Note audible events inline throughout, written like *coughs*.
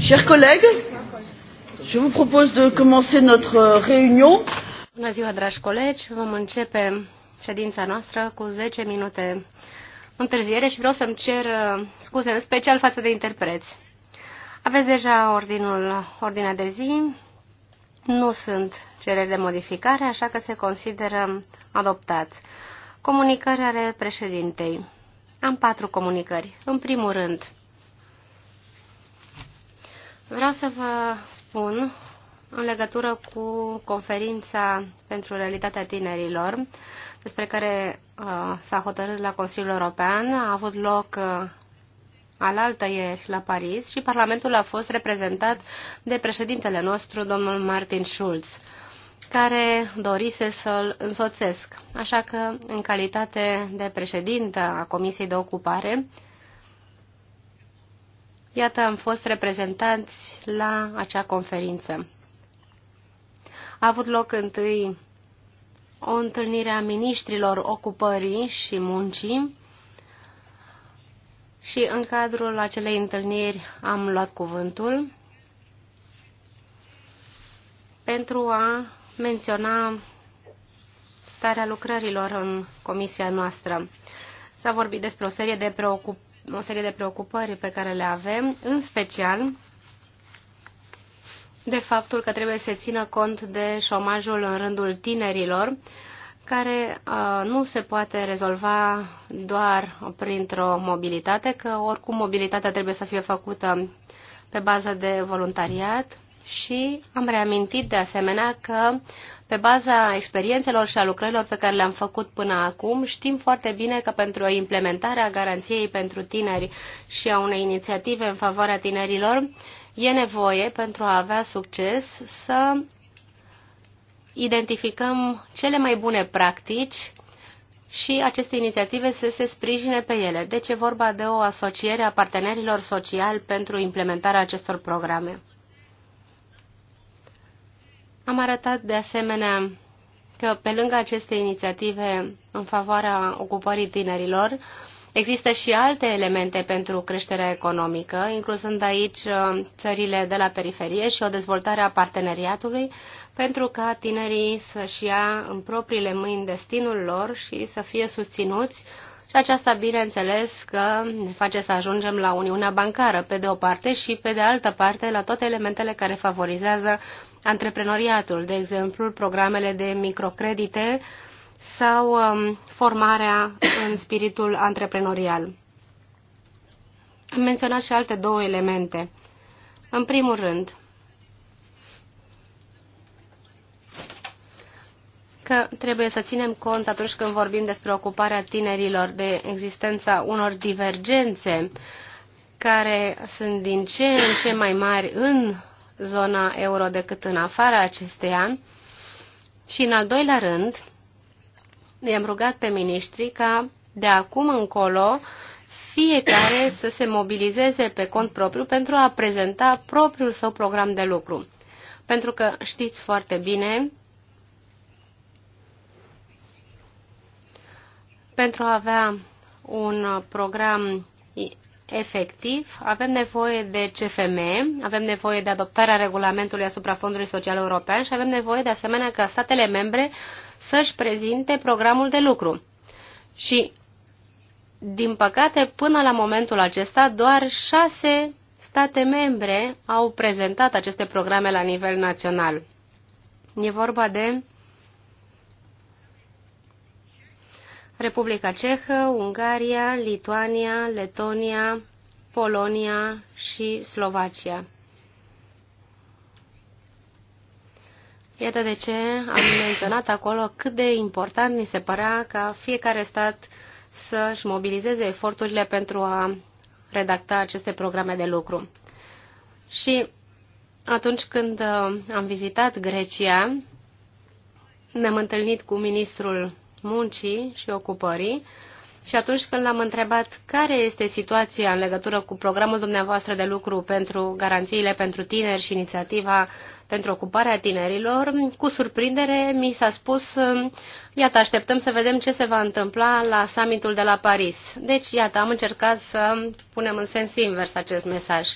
Chers collègues, je vous propose de commencer notre euh, réunion. Bună ziua, dragi colegi. Vom începe ședința noastră cu 10 minute întârziere și vreau să-mi cer uh, scuze în special față de interpreți. Aveți deja ordinul, ordinea de zi. Nu sunt cereri de modificare, așa că se consideră adoptați. Comunicări ale președintei. Am patru comunicări. În primul rând, vreau să vă spun în legătură cu conferința pentru realitatea tinerilor, despre care uh, s-a hotărât la Consiliul European, a avut loc uh, alaltă ieri la Paris și Parlamentul a fost reprezentat de președintele nostru, domnul Martin Schulz. Uh, care dorise să-l însoțesc. Așa că, în calitate de președintă a Comisiei de Ocupare, iată, am fost reprezentanți la acea conferință. A avut loc întâi o întâlnire a ministrilor ocupării și muncii și în cadrul acelei întâlniri am luat cuvântul pentru a menționa starea lucrărilor în comisia noastră. S-a vorbit despre o serie de, o serie de preocupări pe care le avem, în special de faptul că trebuie să țină cont de șomajul în rândul tinerilor, care uh, nu se poate rezolva doar printr-o mobilitate, că oricum mobilitatea trebuie să fie făcută pe bază de voluntariat și am reamintit de asemenea că pe baza experiențelor și a lucrărilor pe care le-am făcut până acum, știm foarte bine că pentru implementarea garanției pentru tineri și a unei inițiative în favoarea tinerilor, e nevoie pentru a avea succes să identificăm cele mai bune practici și aceste inițiative să se sprijine pe ele. Deci e vorba de o asociere a partenerilor sociali pentru implementarea acestor programe. Am arătat de asemenea că pe lângă aceste inițiative în favoarea ocupării tinerilor, există și alte elemente pentru creșterea economică, incluzând aici uh, țările de la periferie și o dezvoltare a parteneriatului, pentru ca tinerii să-și ia în propriile mâini destinul lor și să fie susținuți și aceasta, bineînțeles, că ne face să ajungem la Uniunea Bancară, pe de o parte, și pe de altă parte la toate elementele care favorizează antreprenoriatul, de exemplu, programele de microcredite sau um, formarea în spiritul antreprenorial. Am menționat și alte două elemente. În primul rând, că trebuie să ținem cont atunci când vorbim despre ocuparea tinerilor de existența unor divergențe care sunt din ce în ce mai mari în zona euro decât în afara acesteia. Și în al doilea rând, i-am rugat pe miniștri ca de acum încolo fiecare *coughs* să se mobilizeze pe cont propriu pentru a prezenta propriul său program de lucru. Pentru că știți foarte bine, pentru a avea un program efectiv, avem nevoie de CFM, avem nevoie de adoptarea regulamentului asupra Fondului Social European și avem nevoie de asemenea ca statele membre să-și prezinte programul de lucru. Și, din păcate, până la momentul acesta, doar șase state membre au prezentat aceste programe la nivel național. E vorba de Republica Cehă, Ungaria, Lituania, Letonia, Polonia și Slovacia. Iată de ce am menționat acolo cât de important mi se părea ca fiecare stat să-și mobilizeze eforturile pentru a redacta aceste programe de lucru. Și atunci când uh, am vizitat Grecia, ne-am întâlnit cu ministrul muncii și ocupării și atunci când l-am întrebat care este situația în legătură cu programul dumneavoastră de lucru pentru garanțiile pentru tineri și inițiativa pentru ocuparea tinerilor, cu surprindere mi s-a spus, iată, așteptăm să vedem ce se va întâmpla la summitul de la Paris. Deci, iată, am încercat să punem în sens invers acest mesaj.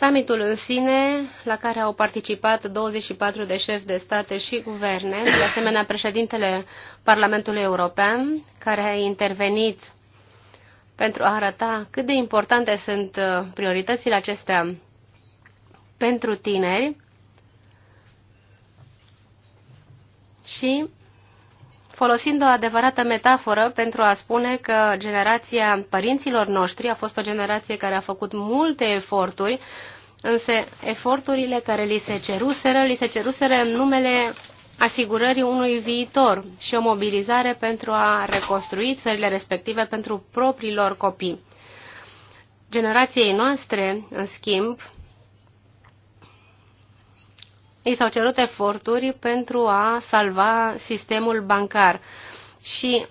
Summitul în sine, la care au participat 24 de șefi de state și guverne, de asemenea președintele Parlamentului European, care a intervenit pentru a arăta cât de importante sunt uh, prioritățile acestea pentru tineri și folosind o adevărată metaforă pentru a spune că generația părinților noștri a fost o generație care a făcut multe eforturi, însă eforturile care li se ceruseră, li se ceruseră în numele asigurării unui viitor și o mobilizare pentru a reconstrui țările respective pentru propriilor copii. Generației noastre, în schimb, i s-au cerut eforturi pentru a salva sistemul bancar. Și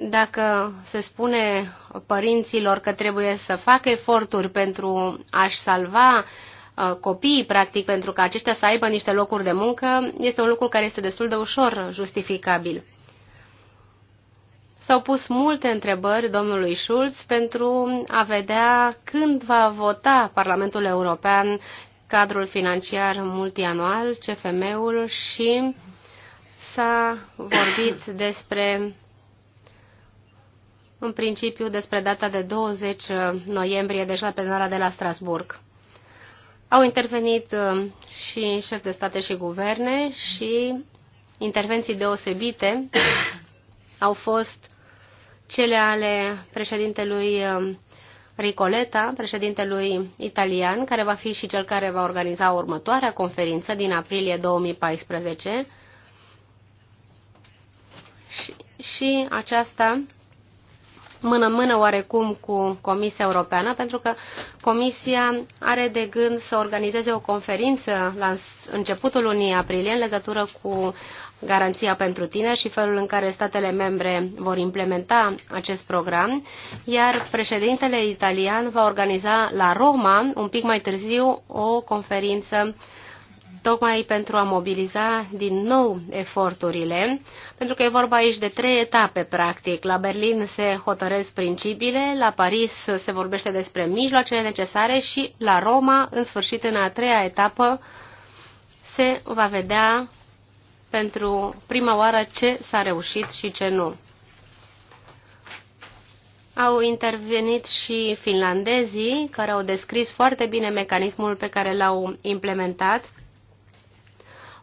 dacă se spune părinților că trebuie să facă eforturi pentru a-și salva uh, copiii, practic, pentru că aceștia să aibă niște locuri de muncă, este un lucru care este destul de ușor justificabil. S-au pus multe întrebări domnului Schulz pentru a vedea când va vota Parlamentul European cadrul financiar multianual, CFM-ul și s-a vorbit despre în principiu despre data de 20 noiembrie, deja deci la plenara de la Strasburg. Au intervenit uh, și șefi de state și guverne și intervenții deosebite au fost cele ale președintelui uh, Ricoleta, președintelui italian, care va fi și cel care va organiza următoarea conferință din aprilie 2014. Și, și aceasta mână mână oarecum cu Comisia Europeană, pentru că Comisia are de gând să organizeze o conferință la începutul lunii aprilie în legătură cu garanția pentru tine și felul în care statele membre vor implementa acest program, iar președintele italian va organiza la Roma, un pic mai târziu, o conferință tocmai pentru a mobiliza din nou eforturile, pentru că e vorba aici de trei etape, practic. La Berlin se hotărăsc principiile, la Paris se vorbește despre mijloacele necesare și la Roma, în sfârșit, în a treia etapă, se va vedea pentru prima oară ce s-a reușit și ce nu. Au intervenit și finlandezii, care au descris foarte bine mecanismul pe care l-au implementat,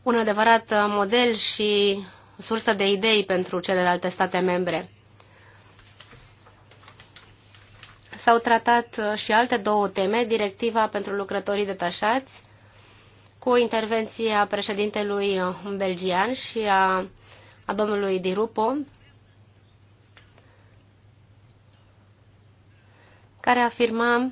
un adevărat model și sursă de idei pentru celelalte state membre. S-au tratat și alte două teme, directiva pentru lucrătorii detașați cu intervenția președintelui belgian și a, a domnului Dirupo, care afirma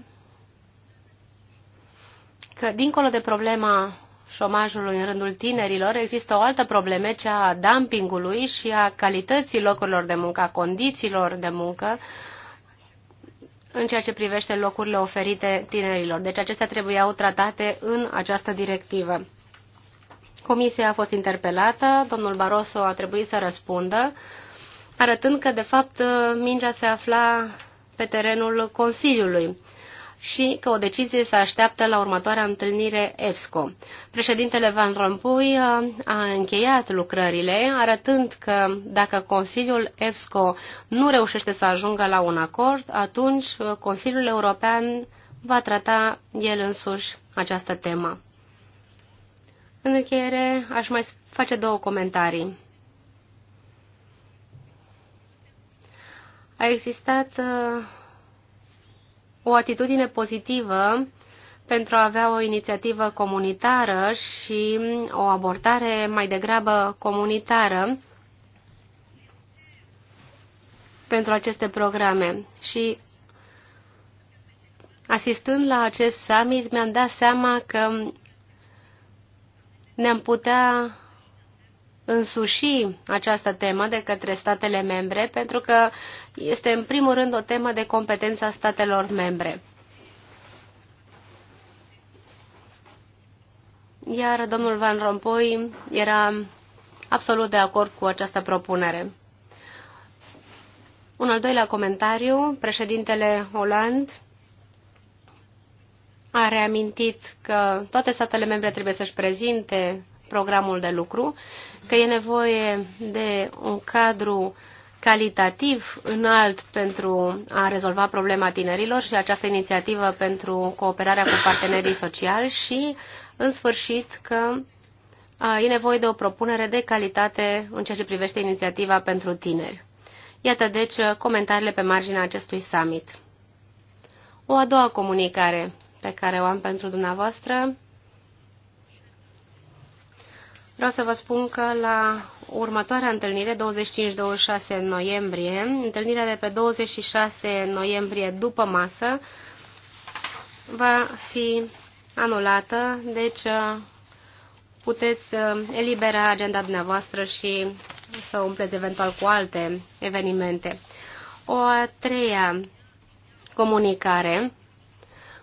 că, dincolo de problema șomajului în rândul tinerilor, există o altă probleme, cea a dumpingului și a calității locurilor de muncă, a condițiilor de muncă, în ceea ce privește locurile oferite tinerilor. Deci acestea trebuiau tratate în această directivă. Comisia a fost interpelată, domnul Barroso a trebuit să răspundă, arătând că, de fapt, mingea se afla pe terenul Consiliului și că o decizie se așteaptă la următoarea întâlnire EFSCO. Președintele Van Rompuy uh, a încheiat lucrările, arătând că dacă Consiliul EFSCO nu reușește să ajungă la un acord, atunci uh, Consiliul European va trata el însuși această temă. În încheiere, aș mai face două comentarii. A existat uh, o atitudine pozitivă pentru a avea o inițiativă comunitară și o abordare mai degrabă comunitară pentru aceste programe. Și asistând la acest summit, mi-am dat seama că ne-am putea însuși această temă de către statele membre, pentru că este în primul rând o temă de competența statelor membre. Iar domnul Van Rompuy era absolut de acord cu această propunere. Un al doilea comentariu, președintele Holland a reamintit că toate statele membre trebuie să-și prezinte programul de lucru, că e nevoie de un cadru calitativ înalt pentru a rezolva problema tinerilor și această inițiativă pentru cooperarea cu partenerii sociali și, în sfârșit, că e nevoie de o propunere de calitate în ceea ce privește inițiativa pentru tineri. Iată, deci, comentariile pe marginea acestui summit. O a doua comunicare pe care o am pentru dumneavoastră Vreau să vă spun că la următoarea întâlnire, 25-26 noiembrie, întâlnirea de pe 26 noiembrie după masă, va fi anulată, deci uh, puteți uh, elibera agenda dumneavoastră și să umpleți eventual cu alte evenimente. O a treia comunicare.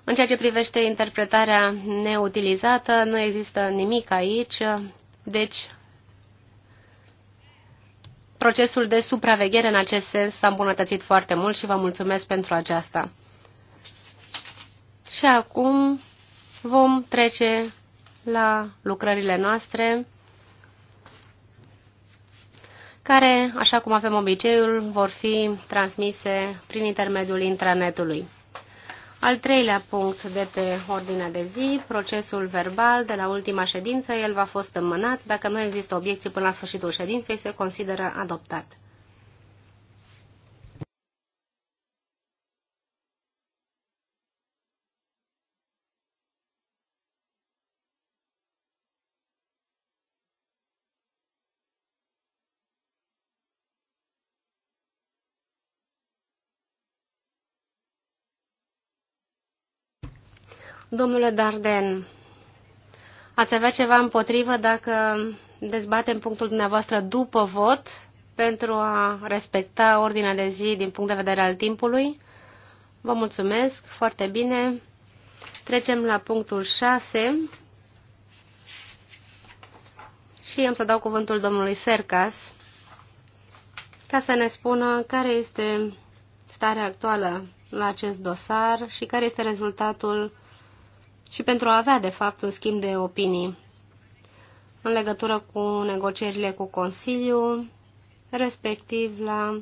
În ceea ce privește interpretarea neutilizată, nu există nimic aici. Deci, procesul de supraveghere în acest sens s-a îmbunătățit foarte mult și vă mulțumesc pentru aceasta. Și acum vom trece la lucrările noastre, care, așa cum avem obiceiul, vor fi transmise prin intermediul intranetului. Al treilea punct de pe ordinea de zi, procesul verbal de la ultima ședință, el va fost înmânat. Dacă nu există obiecții până la sfârșitul ședinței, se consideră adoptat. Domnule Darden, ați avea ceva împotrivă dacă dezbatem punctul dumneavoastră după vot pentru a respecta ordinea de zi din punct de vedere al timpului? Vă mulțumesc, foarte bine. Trecem la punctul 6 și am să dau cuvântul domnului Sercas ca să ne spună care este starea actuală la acest dosar și care este rezultatul și pentru a avea, de fapt, un schimb de opinii în legătură cu negocierile cu Consiliu, respectiv la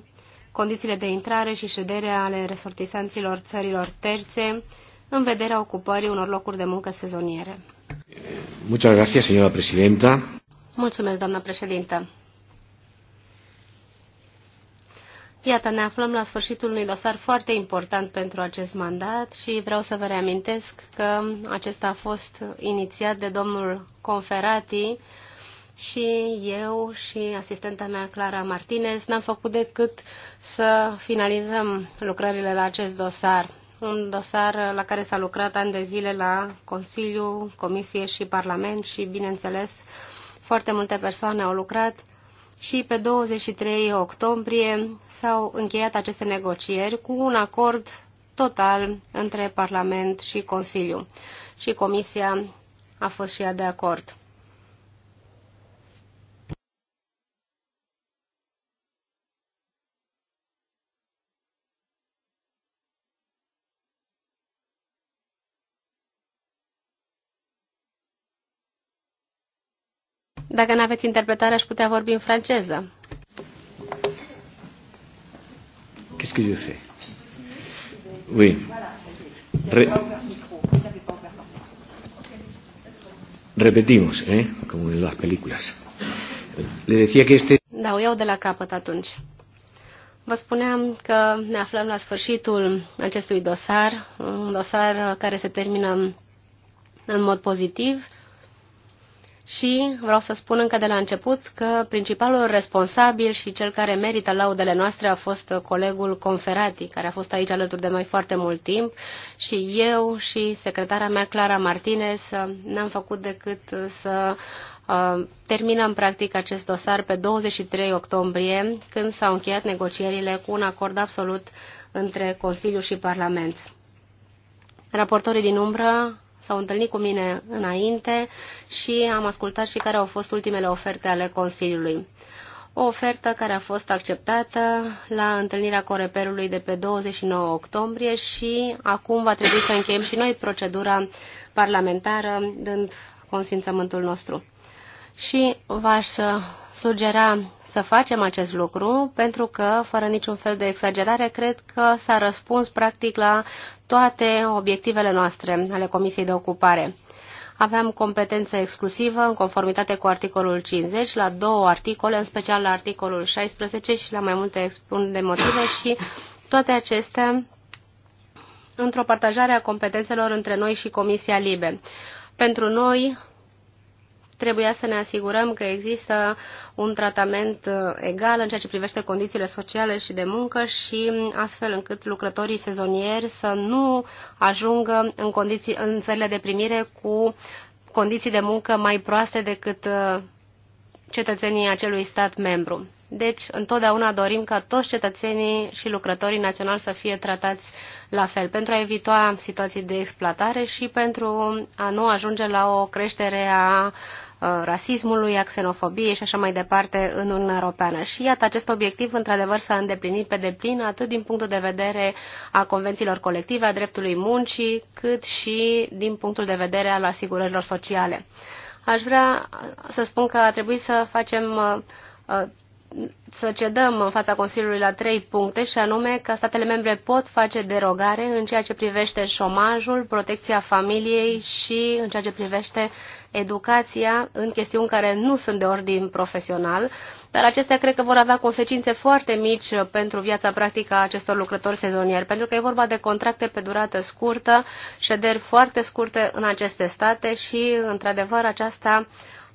condițiile de intrare și ședere ale resortisanților țărilor terțe în vederea ocupării unor locuri de muncă sezoniere. Muchas gracias, señora presidenta. Mulțumesc, doamna președintă. Iată, ne aflăm la sfârșitul unui dosar foarte important pentru acest mandat și vreau să vă reamintesc că acesta a fost inițiat de domnul Conferati și eu și asistenta mea, Clara Martinez, n-am făcut decât să finalizăm lucrările la acest dosar. Un dosar la care s-a lucrat ani de zile la Consiliu, Comisie și Parlament și, bineînțeles, foarte multe persoane au lucrat și pe 23 octombrie s-au încheiat aceste negocieri cu un acord total între Parlament și Consiliu. Și Comisia a fost și ea de acord. dacă nu aveți interpretare, aș putea vorbi în franceză. Qu'est-ce que je fais Oui. Re... Repetimos, ¿eh? Como en las películas. Le decía que este... Da, o iau de la capăt atunci. Vă spuneam că ne aflăm la sfârșitul acestui dosar, un dosar care se termină în mod pozitiv și vreau să spun încă de la început că principalul responsabil și cel care merită laudele noastre a fost colegul Conferati, care a fost aici alături de noi foarte mult timp și eu și secretara mea, Clara Martinez, n-am făcut decât să uh, terminăm practic acest dosar pe 23 octombrie, când s-au încheiat negocierile cu un acord absolut între Consiliu și Parlament. Raportorii din umbră s-au întâlnit cu mine înainte și am ascultat și care au fost ultimele oferte ale Consiliului. O ofertă care a fost acceptată la întâlnirea Coreperului de pe 29 octombrie și acum va trebui să încheiem și noi procedura parlamentară, dând consimțământul nostru. Și v-aș sugera să facem acest lucru, pentru că, fără niciun fel de exagerare, cred că s-a răspuns practic la toate obiectivele noastre ale Comisiei de Ocupare. Aveam competență exclusivă în conformitate cu articolul 50 la două articole, în special la articolul 16 și la mai multe expun de motive și toate acestea într-o partajare a competențelor între noi și Comisia Libe. Pentru noi, trebuia să ne asigurăm că există un tratament uh, egal în ceea ce privește condițiile sociale și de muncă și astfel încât lucrătorii sezonieri să nu ajungă în, condiții, în țările de primire cu condiții de muncă mai proaste decât uh, cetățenii acelui stat membru. Deci, întotdeauna dorim ca toți cetățenii și lucrătorii naționali să fie tratați la fel, pentru a evita situații de exploatare și pentru a nu ajunge la o creștere a Uh, rasismului, a xenofobiei și așa mai departe în Uniunea Europeană. Și iată, acest obiectiv într-adevăr s-a îndeplinit pe deplin, atât din punctul de vedere a convențiilor colective, a dreptului muncii, cât și din punctul de vedere al asigurărilor sociale. Aș vrea să spun că a trebuit să facem uh, uh, să cedăm în fața Consiliului la trei puncte și anume că statele membre pot face derogare în ceea ce privește șomajul, protecția familiei și în ceea ce privește educația în chestiuni care nu sunt de ordin profesional, dar acestea cred că vor avea consecințe foarte mici pentru viața practică a acestor lucrători sezonieri, pentru că e vorba de contracte pe durată scurtă, șederi foarte scurte în aceste state și, într-adevăr, aceasta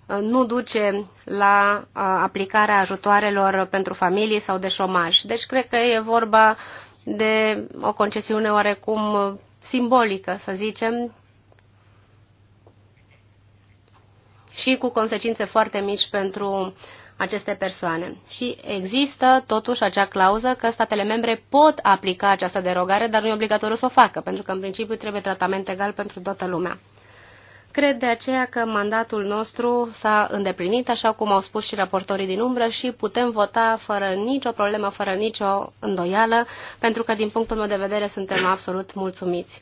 uh, nu duce la uh, aplicarea ajutoarelor pentru familii sau de șomaj. Deci cred că e vorba de o concesiune oarecum uh, simbolică, să zicem, și cu consecințe foarte mici pentru aceste persoane. Și există totuși acea clauză că statele membre pot aplica această derogare, dar nu e obligatoriu să o facă, pentru că în principiu trebuie tratament egal pentru toată lumea. Cred de aceea că mandatul nostru s-a îndeplinit, așa cum au spus și raportorii din umbră, și putem vota fără nicio problemă, fără nicio îndoială, pentru că, din punctul meu de vedere, suntem absolut mulțumiți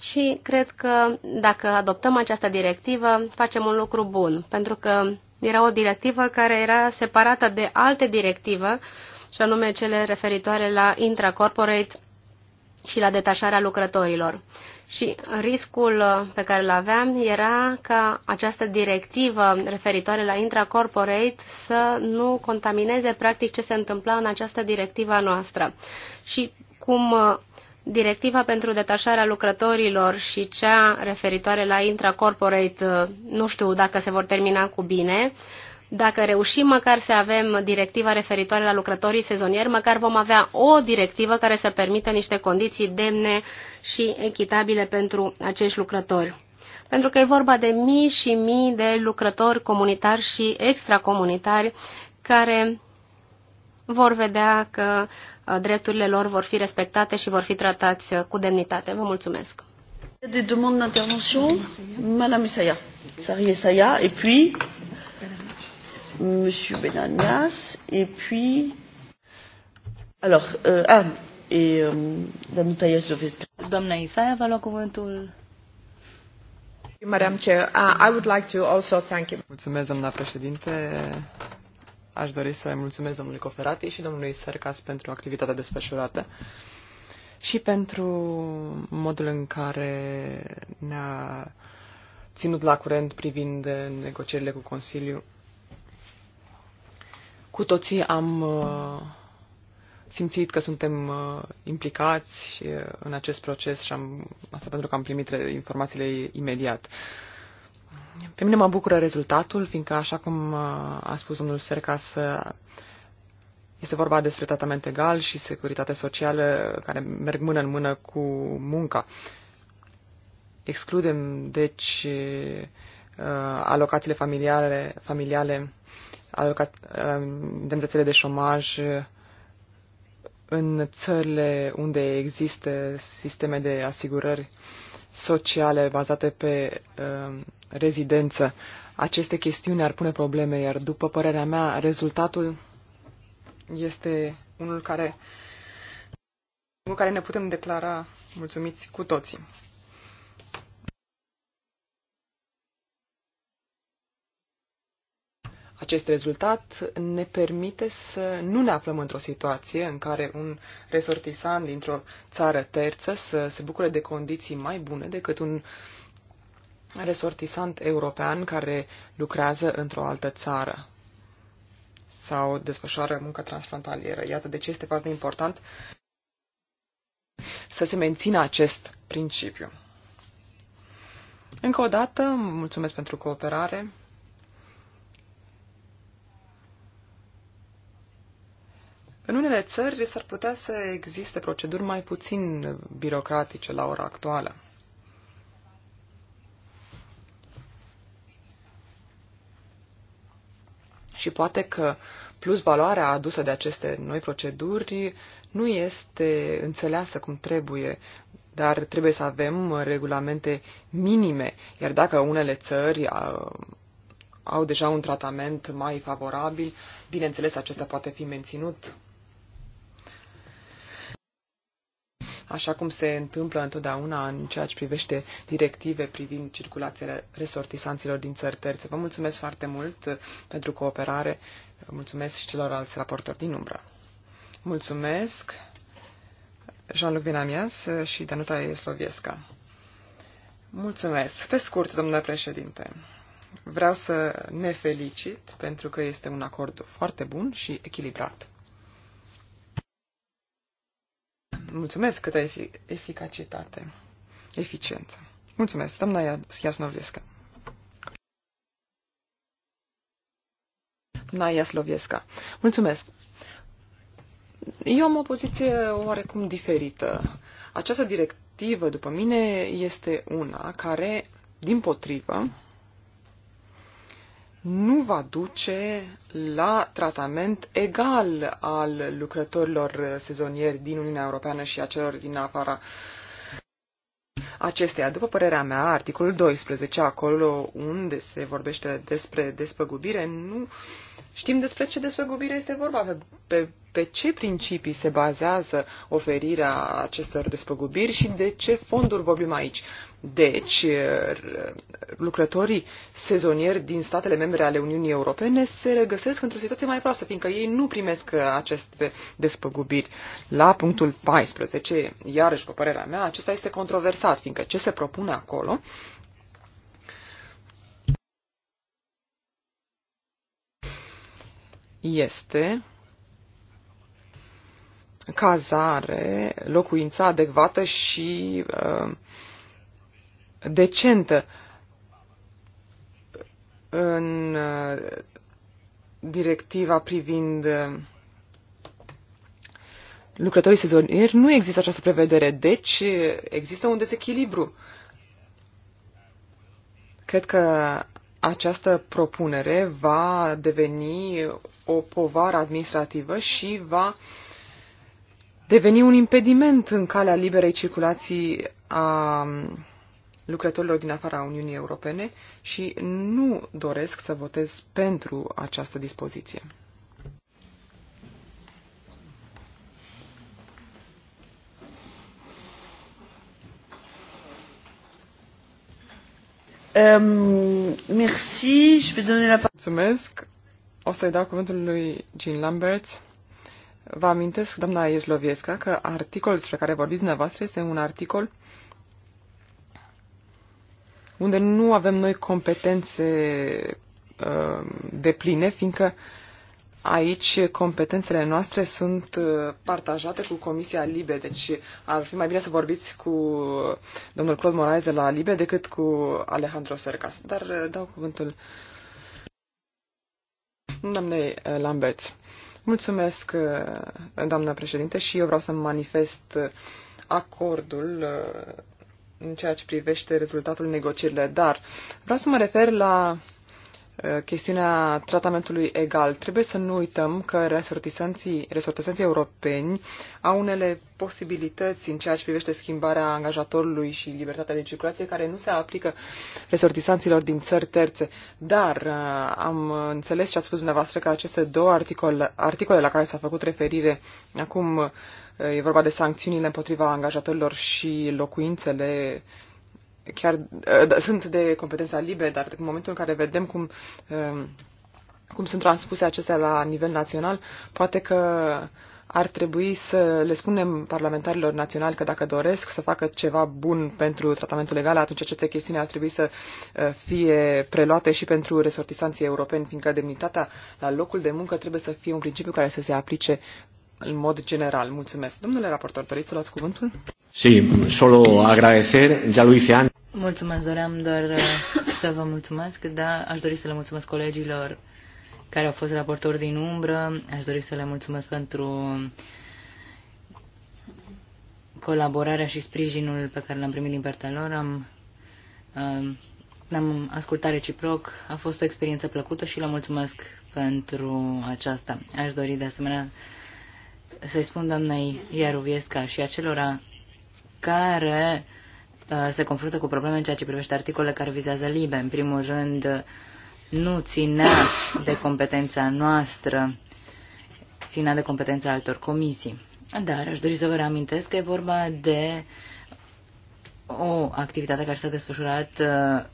și cred că dacă adoptăm această directivă, facem un lucru bun, pentru că era o directivă care era separată de alte directive, și anume cele referitoare la intracorporate și la detașarea lucrătorilor. Și riscul pe care îl aveam era ca această directivă referitoare la intracorporate să nu contamineze practic ce se întâmpla în această directivă noastră. Și cum Directiva pentru detașarea lucrătorilor și cea referitoare la intracorporate, uh, nu știu dacă se vor termina cu bine. Dacă reușim măcar să avem directiva referitoare la lucrătorii sezonieri, măcar vom avea o directivă care să permită niște condiții demne și echitabile pentru acești lucrători. Pentru că e vorba de mii și mii de lucrători comunitari și extracomunitari care vor vedea că uh, drepturile lor vor fi respectate și vor fi tratați uh, cu demnitate. Vă mulțumesc. Des demandes d'intervention, Madame Isaya, Sari Isaya, et puis Monsieur Benanias, et puis alors euh, ah et euh, Madame Taïa Sovestre. Isaya, va lua cuvântul. Madam Chair, uh, I would like to also thank you. Mulțumesc, doamna președinte. Aș dori să mulțumesc domnului Coferati și domnului Sercas pentru activitatea desfășurată și pentru modul în care ne-a ținut la curent privind negocierile cu Consiliu. Cu toții am uh, simțit că suntem uh, implicați uh, în acest proces și am, asta pentru că am primit informațiile imediat. Pe mine mă bucură rezultatul, fiindcă, așa cum uh, a spus domnul Sercas, uh, este vorba despre tratament egal și securitate socială care merg mână în mână cu munca. Excludem, deci, uh, alocațiile familiale, familiale alocat, demnitățile de șomaj în țările unde există sisteme de asigurări sociale bazate pe uh, rezidență. Aceste chestiuni ar pune probleme, iar după părerea mea, rezultatul este unul care, unul care ne putem declara mulțumiți cu toții. Acest rezultat ne permite să nu ne aflăm într-o situație în care un resortisan dintr-o țară terță să se bucure de condiții mai bune decât un resortisant european care lucrează într-o altă țară sau desfășoară muncă transfrontalieră. Iată de ce este foarte important să se mențină acest principiu. Încă o dată, mulțumesc pentru cooperare În unele țări s-ar putea să existe proceduri mai puțin birocratice la ora actuală. Și poate că plus valoarea adusă de aceste noi proceduri nu este înțeleasă cum trebuie, dar trebuie să avem regulamente minime. Iar dacă unele țări au deja un tratament mai favorabil, bineînțeles acesta poate fi menținut așa cum se întâmplă întotdeauna în ceea ce privește directive privind circulația resortisanților din țări terțe. Vă mulțumesc foarte mult uh, pentru cooperare. Mulțumesc și celorlalți raportori din umbră. Mulțumesc Jean-Luc Vinamias și Danuta Iesloviesca. Mulțumesc. Pe scurt, domnule președinte, vreau să ne felicit pentru că este un acord foarte bun și echilibrat. mulțumesc câtă efic eficacitate, eficiență. Mulțumesc, doamna Iasnovescă. Doamna Sloviesca. Mulțumesc. Eu am o poziție oarecum diferită. Această directivă, după mine, este una care, din potrivă, nu va duce la tratament egal al lucrătorilor sezonieri din Uniunea Europeană și a celor din afara acesteia. După părerea mea, articolul 12, acolo unde se vorbește despre despăgubire, nu știm despre ce despăgubire este vorba pe, pe pe ce principii se bazează oferirea acestor despăgubiri și de ce fonduri vorbim aici. Deci, lucrătorii sezonieri din statele membre ale Uniunii Europene se regăsesc într-o situație mai proastă, fiindcă ei nu primesc aceste despăgubiri. La punctul 14, iarăși, cu părerea mea, acesta este controversat, fiindcă ce se propune acolo este cazare, locuința adecvată și uh, decentă. În uh, directiva privind uh, lucrătorii sezonieri nu există această prevedere, deci există un dezechilibru. Cred că această propunere va deveni o povară administrativă și va uh, deveni un impediment în calea liberei circulații a um, lucrătorilor din afara Uniunii Europene și nu doresc să votez pentru această dispoziție. Um, merci, je vais donner la Mulțumesc. O să-i dau cuvântul lui Jean Lambert. Vă amintesc, doamna Iesloviesca, că articolul despre care vorbiți dumneavoastră este un articol unde nu avem noi competențe uh, de pline, fiindcă aici competențele noastre sunt uh, partajate cu Comisia Libe, deci ar fi mai bine să vorbiți cu domnul Claude Moraes de la Libe decât cu Alejandro Sercas. Dar uh, dau cuvântul doamnei uh, Lambert. Mulțumesc, uh, doamna președinte, și eu vreau să manifest uh, acordul uh, în ceea ce privește rezultatul negocierilor, dar vreau să mă refer la Eh, chestiunea tratamentului egal. Trebuie să nu uităm că resortisanții, resortisanții europeni au unele posibilități în ceea ce privește schimbarea angajatorului și libertatea de circulație care nu se aplică resortisanților din țări terțe. Dar eh, am înțeles ce ați spus dumneavoastră că aceste două articole, articole la care s-a făcut referire acum eh, e vorba de sancțiunile împotriva angajatorilor și locuințele chiar uh, sunt de competența liberă, dar în momentul în care vedem cum, uh, cum sunt transpuse acestea la nivel național, poate că ar trebui să le spunem parlamentarilor naționali că dacă doresc să facă ceva bun pentru tratamentul legal, atunci aceste chestiuni ar trebui să eh, fie preluate și pentru resortisanții europeni, fiindcă demnitatea la locul de muncă trebuie să fie un principiu care să se aplice în mod general. Mulțumesc. Domnule raportor, doriți să luați cuvântul? Sí, solo agradecer, ya lo hice Mulțumesc, doream doar uh, să vă mulțumesc, da aș dori să le mulțumesc colegilor care au fost raportori din umbră. Aș dori să le mulțumesc pentru colaborarea și sprijinul pe care l-am primit din partea lor. Am, uh, am ascultat reciproc. A fost o experiență plăcută și le mulțumesc pentru aceasta. Aș dori de asemenea să-i spun doamnei Iaruviesca și acelora care Uh, se confruntă cu probleme în ceea ce privește articolele care vizează LIBE. În primul rând, nu ținea de competența noastră, ținea de competența altor comisii. Dar aș dori să vă reamintesc că e vorba de o activitate care s-a desfășurat uh,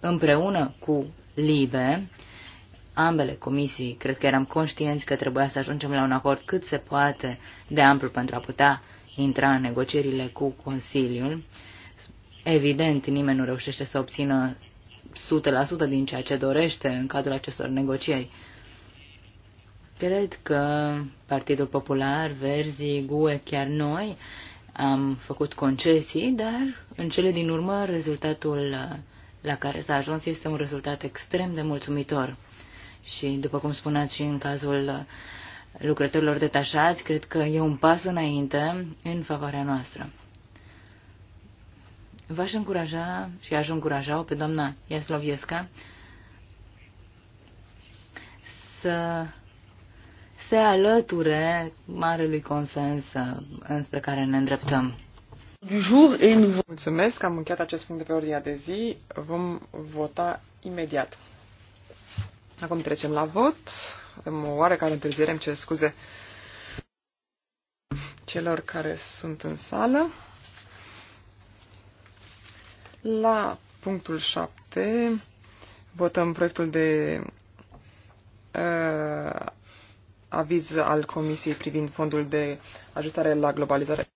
împreună cu LIBE, ambele comisii, cred că eram conștienți că trebuia să ajungem la un acord cât se poate de amplu pentru a putea intra în negocierile cu Consiliul. Evident, nimeni nu reușește să obțină 100% din ceea ce dorește în cadrul acestor negocieri. Cred că Partidul Popular, Verzi, GUE, chiar noi, am făcut concesii, dar în cele din urmă rezultatul la care s-a ajuns este un rezultat extrem de mulțumitor. Și, după cum spuneați și în cazul lucrătorilor detașați, cred că e un pas înainte în favoarea noastră. V-aș încuraja și aș încuraja-o pe doamna Iasloviesca să se alăture marelui consens uh, înspre care ne îndreptăm. Mulțumesc, am încheiat acest punct de pe ordinea de zi. Vom vota imediat. Acum trecem la vot. Avem o oarecare întârziere, îmi cer scuze celor care sunt în sală. La punctul 7 votăm proiectul de uh, aviz al Comisiei privind fondul de ajustare la globalizare.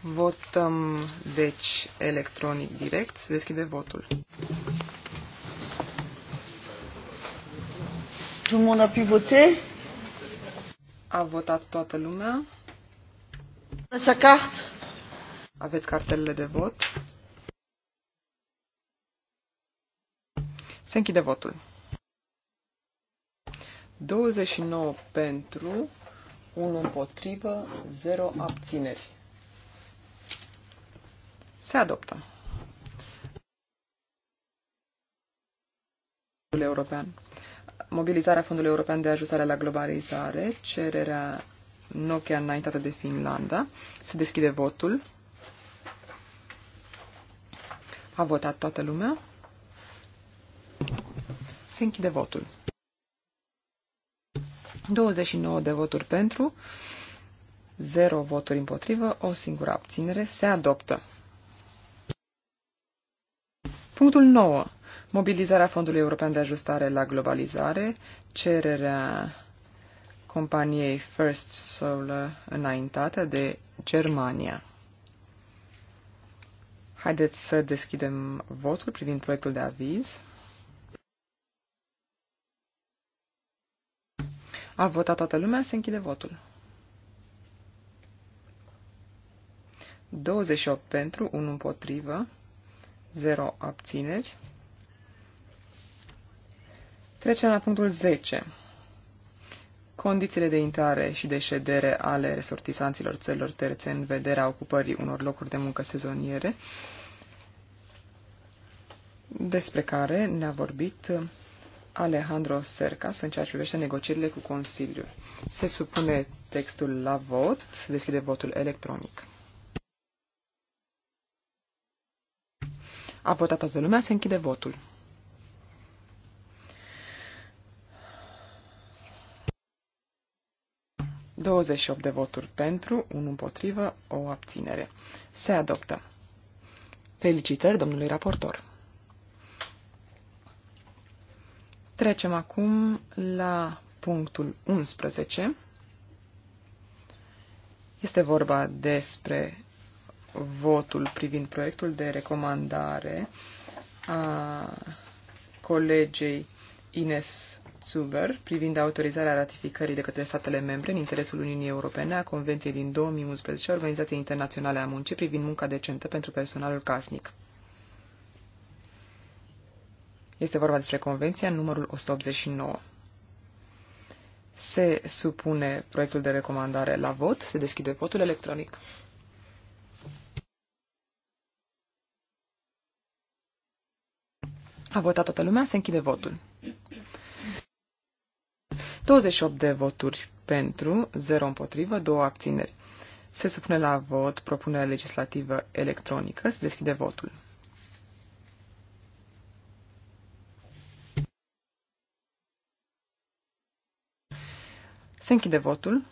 Votăm, deci, electronic direct. Se deschide votul. Tout le monde a pu voter? A votat toată lumea. Să cart. Aveți cartelele de vot. Se închide votul. 29 pentru, 1 împotrivă, 0 abțineri. Se adoptă. European. Mobilizarea Fondului European de Ajustare la Globalizare, cererea Nokia înaintată de Finlanda. Se deschide votul. A votat toată lumea. Se închide votul. 29 de voturi pentru, 0 voturi împotrivă, o singură abținere. Se adoptă. Punctul 9. Mobilizarea Fondului European de Ajustare la Globalizare, cererea companiei First Solar înaintată de Germania. Haideți să deschidem votul privind proiectul de aviz. A votat toată lumea, se închide votul. 28 pentru, 1 împotrivă, 0 abțineri. Trecem la punctul 10 condițiile de intrare și de ședere ale resortisanților țărilor terțe în vederea ocupării unor locuri de muncă sezoniere, despre care ne-a vorbit Alejandro Sercas în ceea ce privește negocierile cu Consiliul. Se supune textul la vot, se deschide votul electronic. A votat toată lumea, se închide votul. 28 de voturi pentru, 1 împotrivă, o abținere. Se adoptă. Felicitări domnului raportor. Trecem acum la punctul 11. Este vorba despre votul privind proiectul de recomandare a colegei Ines Zuber privind autorizarea ratificării de către statele membre în interesul Uniunii Europene a Convenției din 2011 a Organizației Internaționale a Muncii privind munca decentă pentru personalul casnic. Este vorba despre Convenția numărul 189. Se supune proiectul de recomandare la vot, se deschide votul electronic. A votat toată lumea, se închide votul. 28 de voturi pentru, 0 împotrivă, 2 abțineri. Se supune la vot propunerea legislativă electronică. Se deschide votul. Se închide votul.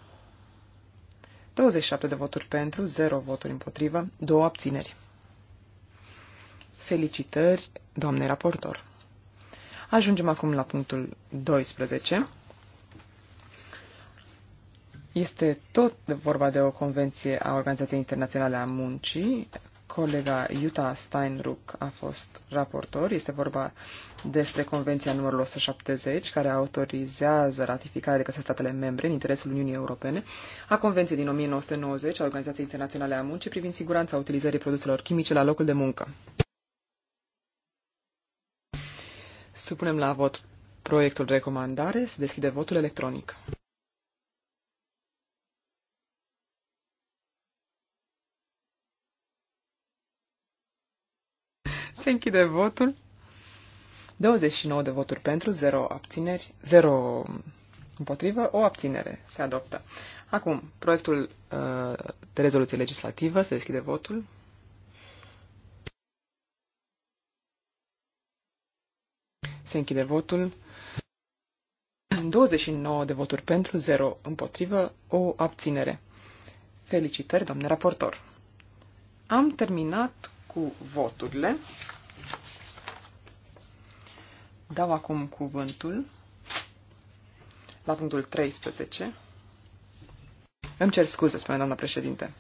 27 de voturi pentru, 0 voturi împotrivă, 2 abțineri. Felicitări, doamne raportor! Ajungem acum la punctul 12 este tot vorba de o convenție a Organizației Internaționale a Muncii. Colega Jutta Steinruck a fost raportor. Este vorba despre Convenția numărul 170, care autorizează ratificarea de către statele membre în interesul Uniunii Europene a Convenției din 1990 a Organizației Internaționale a Muncii privind siguranța utilizării produselor chimice la locul de muncă. Supunem la vot proiectul de recomandare. Se deschide votul electronic. închide votul. 29 de voturi pentru, 0 abțineri, 0 împotrivă, o abținere se adoptă. Acum, proiectul uh, de rezoluție legislativă, se deschide votul. Se închide votul. 29 de voturi pentru, 0 împotrivă, o abținere. Felicitări, domnule raportor! Am terminat cu voturile. Dau acum cuvântul la punctul 13. Îmi cer scuze, spune doamna președinte.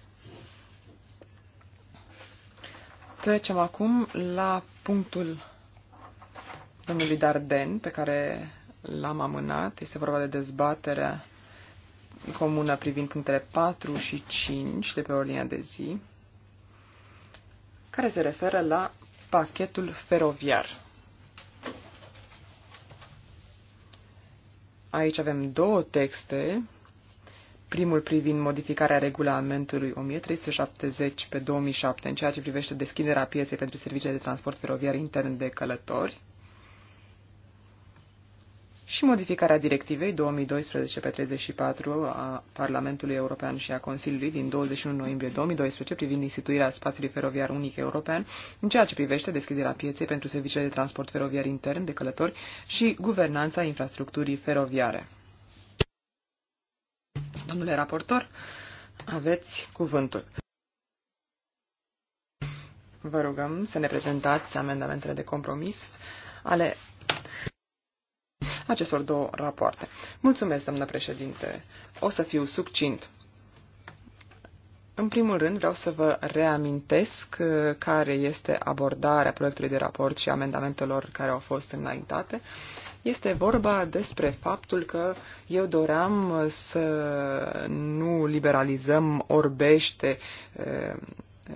Trecem acum la punctul domnului Darden, pe care l-am amânat. Este vorba de dezbaterea comună privind punctele 4 și 5 de pe ordinea de zi, care se referă la pachetul feroviar. Aici avem două texte. Primul privind modificarea regulamentului 1370 pe 2007 în ceea ce privește deschiderea pieței pentru serviciile de transport feroviar intern de călători și modificarea directivei 2012-34 a Parlamentului European și a Consiliului din 21 noiembrie 2012 privind instituirea spațiului feroviar unic european în ceea ce privește deschiderea pieței pentru serviciile de transport feroviar intern de călători și guvernanța infrastructurii feroviare. Domnule raportor, aveți cuvântul. Vă rugăm să ne prezentați amendamentele de compromis ale acestor două rapoarte. Mulțumesc, doamnă președinte. O să fiu succint. În primul rând, vreau să vă reamintesc uh, care este abordarea proiectului de raport și amendamentelor care au fost înaintate. Este vorba despre faptul că eu doream uh, să nu liberalizăm orbește uh,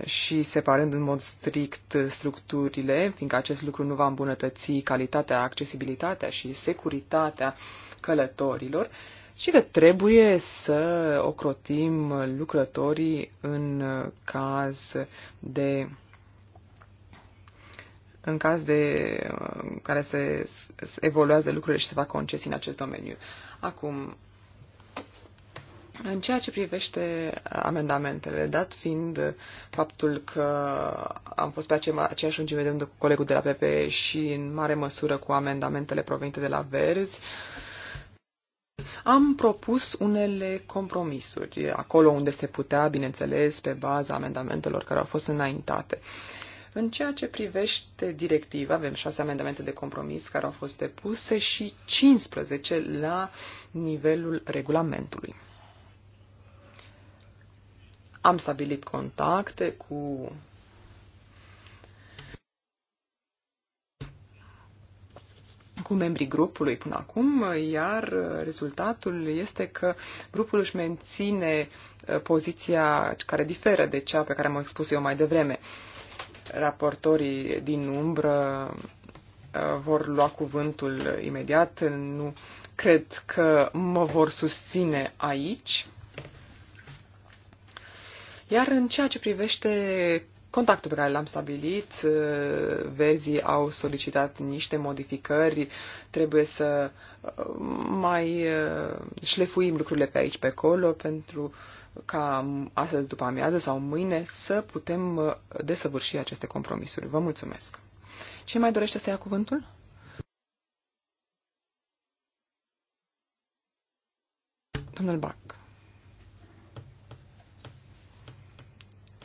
și separând în mod strict structurile, fiindcă acest lucru nu va îmbunătăți calitatea, accesibilitatea și securitatea călătorilor, și că trebuie să ocrotim lucrătorii în caz de în caz de în care se, evoluează lucrurile și se fac concesii în acest domeniu. Acum, în ceea ce privește amendamentele, dat fiind faptul că am fost pe aceeași lungime de undă cu colegul de la PP și în mare măsură cu amendamentele provenite de la Verzi, am propus unele compromisuri, acolo unde se putea, bineînțeles, pe baza amendamentelor care au fost înaintate. În ceea ce privește directiva, avem șase amendamente de compromis care au fost depuse și 15 la nivelul regulamentului. Am stabilit contacte cu cu membrii grupului până acum, iar rezultatul este că grupul își menține uh, poziția care diferă de cea pe care am expus eu mai devreme. Raportorii din umbră uh, vor lua cuvântul imediat. Nu cred că mă vor susține aici. Iar în ceea ce privește contactul pe care l-am stabilit, ă, verzii au solicitat niște modificări, trebuie să ă, mai ă, șlefuim lucrurile pe aici, pe acolo, pentru ca astăzi după amiază sau mâine să putem desăvârși aceste compromisuri. Vă mulțumesc! Cine mai dorește să ia cuvântul? Domnul Bac.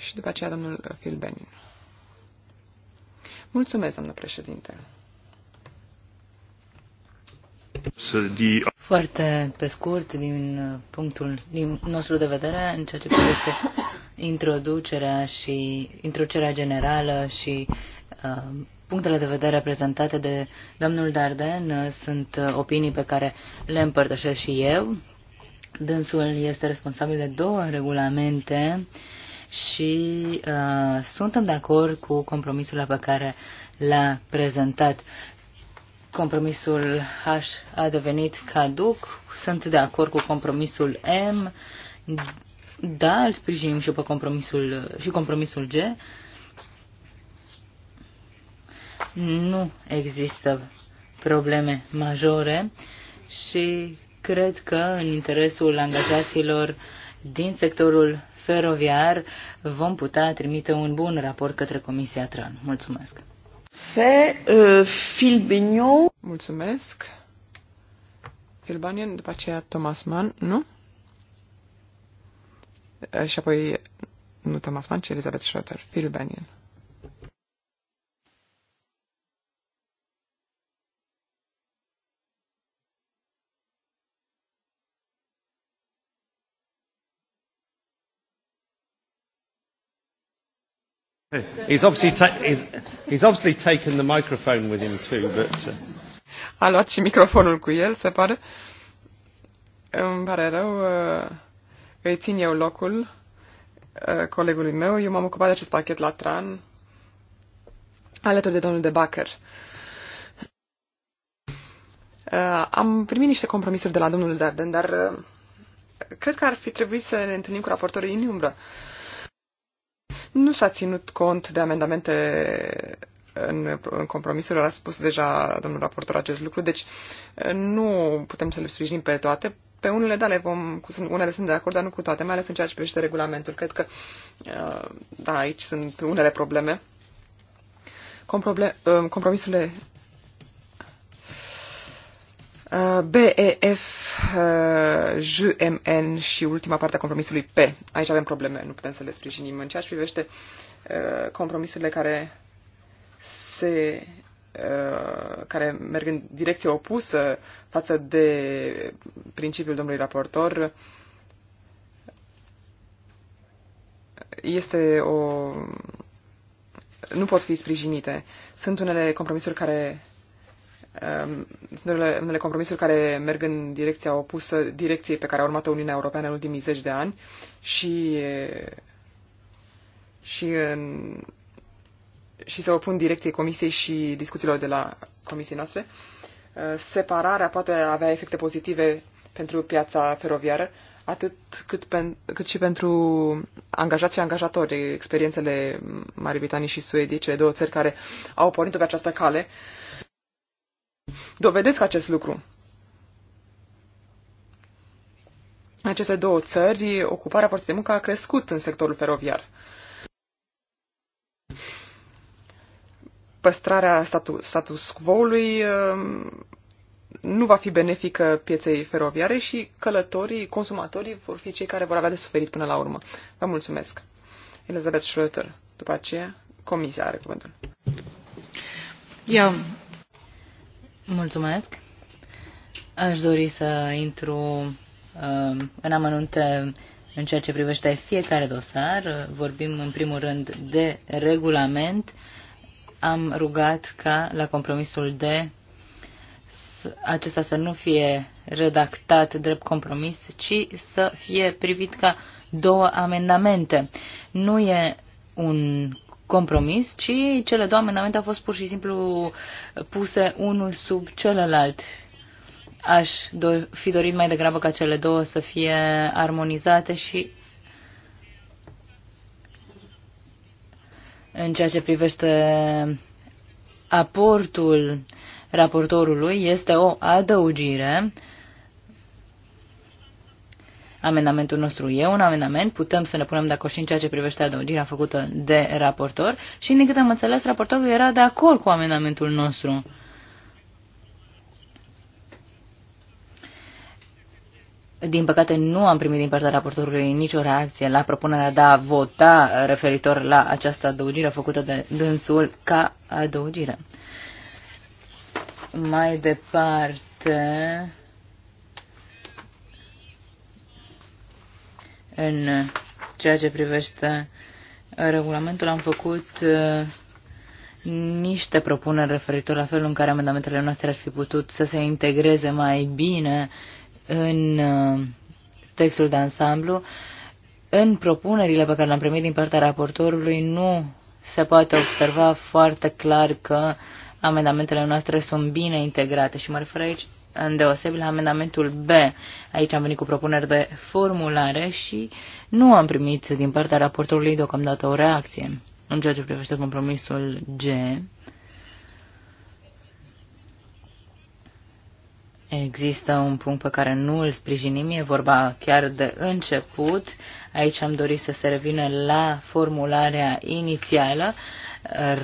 și după aceea domnul Benin. Mulțumesc, domnul președinte. Foarte pe scurt, din punctul din nostru de vedere, în ceea ce privește introducerea și introducerea generală și uh, punctele de vedere prezentate de domnul Darden uh, sunt uh, opinii pe care le împărtășesc și eu. Dânsul este responsabil de două regulamente uh, și uh, suntem de acord cu compromisul pe care l-a prezentat. Compromisul H a devenit caduc, sunt de acord cu compromisul M, da, îl sprijinim și pe compromisul, și compromisul G. Nu există probleme majore și cred că în interesul angajaților din sectorul feroviar, vom putea trimite un bun raport către Comisia TRAN. Mulțumesc! Fe, uh, Mulțumesc. Filbanian, după aceea Thomas Mann, nu? Și apoi, nu Thomas Mann, ci Elizabeth Schroeter. Filbanian. He's obviously, ta- he's, he's obviously taken the microphone with him too, but... Uh... A luat și microfonul cu el, se pare. Îmi pare rău, uh, îi țin eu locul uh, colegului meu. Eu m-am ocupat de acest pachet la Tran, alături de domnul de Bacher. Uh, am primit niște compromisuri de la domnul Darden, dar uh, cred că ar fi trebuit să ne întâlnim cu raportorii în umbră. Uh, nu s-a ținut cont de amendamente în, în compromisul, a spus deja domnul raportor acest lucru, deci eh, nu putem să le sprijinim pe toate. Pe unele, da, le vom, unele sunt de acord, dar nu cu toate, mai ales în ceea ce privește regulamentul. Cred că, eh, da, aici sunt unele probleme. Comproble, eh, compromisurile Uh, BEF, uh, JMN și ultima parte a compromisului P. Aici avem probleme, nu putem să le sprijinim. În ceea ce privește uh, compromisurile care se care merg în direcție opusă față de principiul domnului raportor, este o... nu pot fi sprijinite. Sunt unele compromisuri care Ehm, sunt unele, unele compromisuri care merg în direcția opusă direcției pe care a urmat-o Uniunea Europeană în ultimii zeci de ani și, și, în, și se opun direcției Comisiei și discuțiilor de la Comisiei noastre. Ehm, separarea poate avea efecte pozitive pentru piața feroviară, atât cât, pen, cât și pentru angajați și angajatori. Experiențele Marii Britanii și Suediei, cele două țări care au pornit pe această cale, uh, dovedesc acest lucru. În aceste două țări, ocuparea forței de muncă a crescut în sectorul feroviar. Păstrarea statu status quo-ului um, nu va fi benefică pieței feroviare și călătorii, consumatorii vor fi cei care vor avea de suferit până la urmă. Vă mulțumesc. Elizabeth Schroeter. După aceea, comisia are cuvântul. Eu Mulțumesc. Aș dori să intru uh, în amănunte în ceea ce privește fiecare dosar. Vorbim în primul rând de regulament. Am rugat ca la compromisul de acesta să nu fie redactat drept compromis, ci să fie privit ca două amendamente. Nu e un compromis, ci cele două amendamente au fost pur și simplu puse unul sub celălalt. Aș do- fi dorit mai degrabă ca cele două să fie armonizate și în ceea ce privește aportul raportorului, este o adăugire amendamentul nostru e un amendament, putem să ne punem de acord și în ceea ce privește adăugirea făcută de raportor și, din câte am înțeles, raportorul era de acord cu amendamentul nostru. Din păcate, nu am primit din partea raportorului nicio reacție la propunerea de a vota referitor la această adăugire făcută de dânsul ca adăugire. Mai departe, În ceea ce privește regulamentul, am făcut uh, niște propuneri referitor la felul în care amendamentele noastre ar fi putut să se integreze mai bine în uh, textul de ansamblu. În propunerile pe care le-am primit din partea raportorului nu se poate observa foarte clar că amendamentele noastre sunt bine integrate și mă refer aici îndeosebi la amendamentul B. Aici am venit cu propuneri de formulare și nu am primit din partea raportorului deocamdată o reacție. În ceea ce privește compromisul G, Există un punct pe care nu îl sprijinim, e vorba chiar de început. Aici am dorit să se revină la formularea inițială.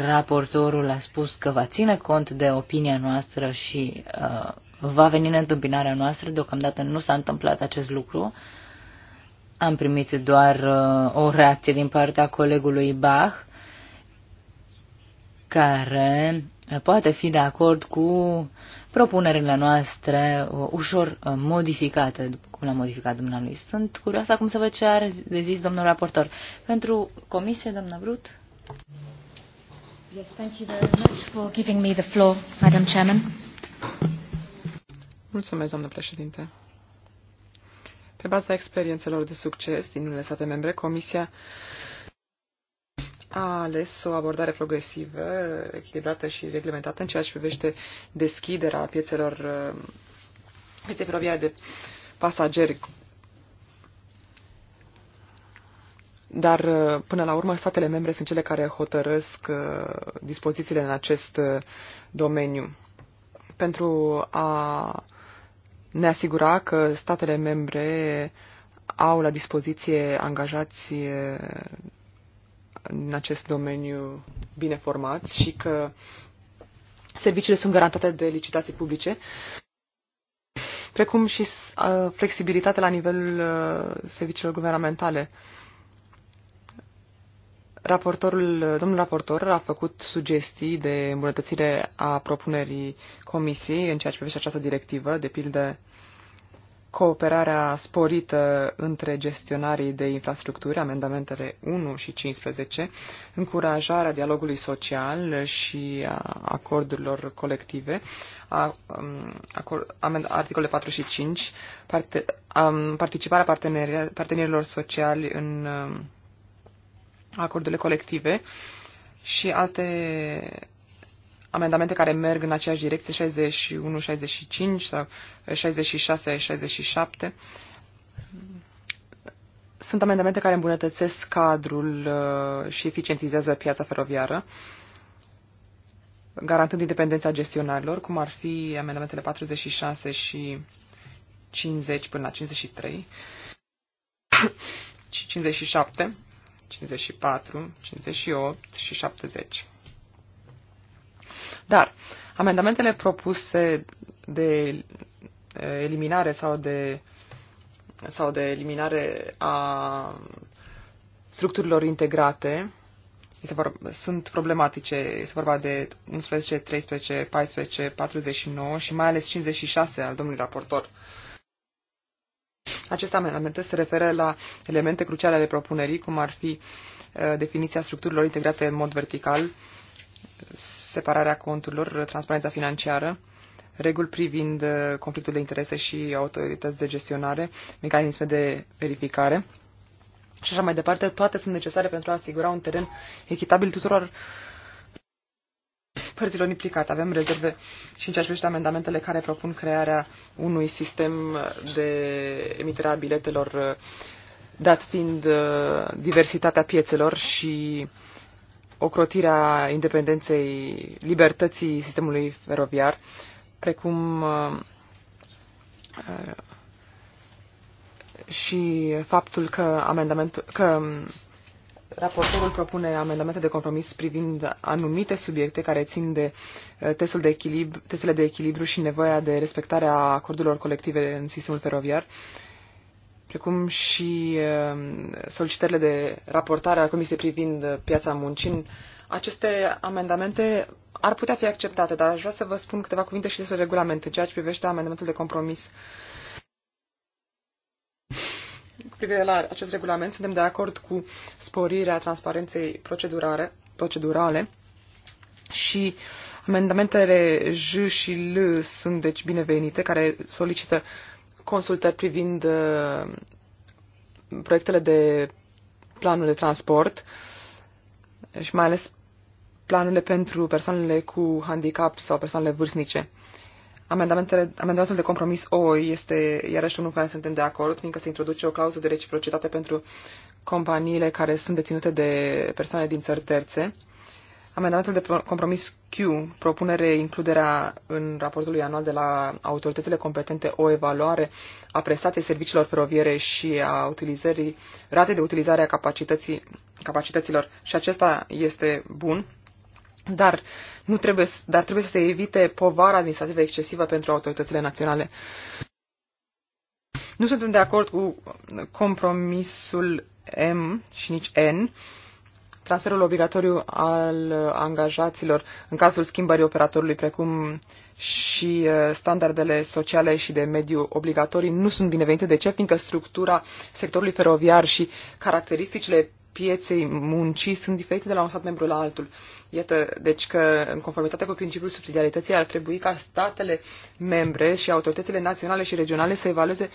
Raportorul a spus că va ține cont de opinia noastră și uh, va veni în întâmpinarea noastră. Deocamdată nu s-a întâmplat acest lucru. Am primit doar uh, o reacție din partea colegului Bach, care uh, poate fi de acord cu propunerile noastre uh, ușor uh, modificate, după cum l-a modificat dumnealui. Sunt curioasă acum să văd ce are de zis domnul raportor. Pentru comisie, doamna Brut. Yes, thank you very much for giving me the floor, Madam Chairman. Mulțumesc, doamnă președinte. Pe baza experiențelor de succes din unele state membre, Comisia a ales o abordare progresivă, echilibrată și reglementată în ceea ce privește deschiderea piețelor piețe feroviare de pasageri. Dar, până la urmă, statele membre sunt cele care hotărăsc uh, dispozițiile în acest uh, domeniu. Pentru a ne asigura că statele membre au la dispoziție angajați eh, în acest domeniu bine formați și că serviciile sunt garantate de licitații publice, precum și eh, flexibilitatea la nivelul eh, serviciilor guvernamentale. Raportorul, domnul raportor a făcut sugestii de îmbunătățire a propunerii comisiei în ceea ce privește această directivă, de pildă cooperarea sporită între gestionarii de infrastructuri, amendamentele 1 și 15, încurajarea dialogului social și a acordurilor colective, a, a, articole 4 și 5, parte, a, um, participarea partenerilor sociali în um, acordurile colective și alte amendamente care merg în aceeași direcție, 61, 65 sau 66, 67. Sunt amendamente care îmbunătățesc cadrul uh, și eficientizează piața feroviară, garantând independența gestionarilor, cum ar fi amendamentele 46 și 50 până la 53 și 57 *coughs* 54, 58 și 70. Dar amendamentele propuse de eliminare sau de, sau de eliminare a structurilor integrate este vorba, sunt problematice. Este vorba de 11, 13, 14, 49 și mai ales 56 al domnului raportor. Uh, aceste amendamente se referă la elemente cruciale ale propunerii, cum ar fi uh, definiția structurilor integrate în mod vertical, separarea conturilor, transparența financiară, reguli privind uh, conflictul de interese și autorități de gestionare, mecanisme de verificare și așa mai departe, toate sunt necesare pentru a asigura un teren echitabil tuturor părților implicate. Avem rezerve și în ceea ce privește amendamentele care propun crearea unui sistem de emitere a biletelor, dat fiind uh, diversitatea piețelor și ocrotirea independenței, libertății sistemului feroviar, precum uh, uh, și faptul că amendamentul, că Raportorul propune amendamente de compromis privind anumite subiecte care țin de uh, testul de echilibru, testele de echilibru și nevoia de respectare a acordurilor colective în sistemul feroviar, precum și uh, solicitările de raportare a Comisiei privind uh, piața muncii. Aceste amendamente ar putea fi acceptate, dar aș vrea să vă spun câteva cuvinte și despre regulament în ceea ce privește amendamentul de compromis uh, cu privire la acest regulament, suntem de acord cu sporirea transparenței procedurare, procedurale și amendamentele J și L sunt deci binevenite, care solicită consultări privind uh, proiectele de planul de transport și mai ales planurile pentru persoanele cu handicap sau persoanele vârstnice. Amendamentele, amendamentul de compromis O este iarăși unul care suntem de acord, fiindcă se introduce o clauză de reciprocitate pentru companiile care sunt deținute de persoane din țări terțe. Amendamentul de compromis Q propune includerea în raportul lui anual de la autoritățile competente o evaluare a prestației serviciilor feroviere și a utilizării, rate de utilizare a capacității, capacităților și acesta este bun. Dar, nu trebuie, dar trebuie să se evite povara administrativă excesivă pentru autoritățile naționale. Nu suntem de acord cu compromisul M și nici N, transferul obligatoriu al angajaților în cazul schimbării operatorului, precum și uh, standardele sociale și de mediu obligatorii, nu sunt binevenite. De ce? Fiindcă structura sectorului feroviar și caracteristicile pieței muncii sunt diferite de la un stat membru la altul. Iată, deci că în conformitate cu principiul subsidiarității ar trebui ca statele membre și autoritățile naționale și regionale să evalueze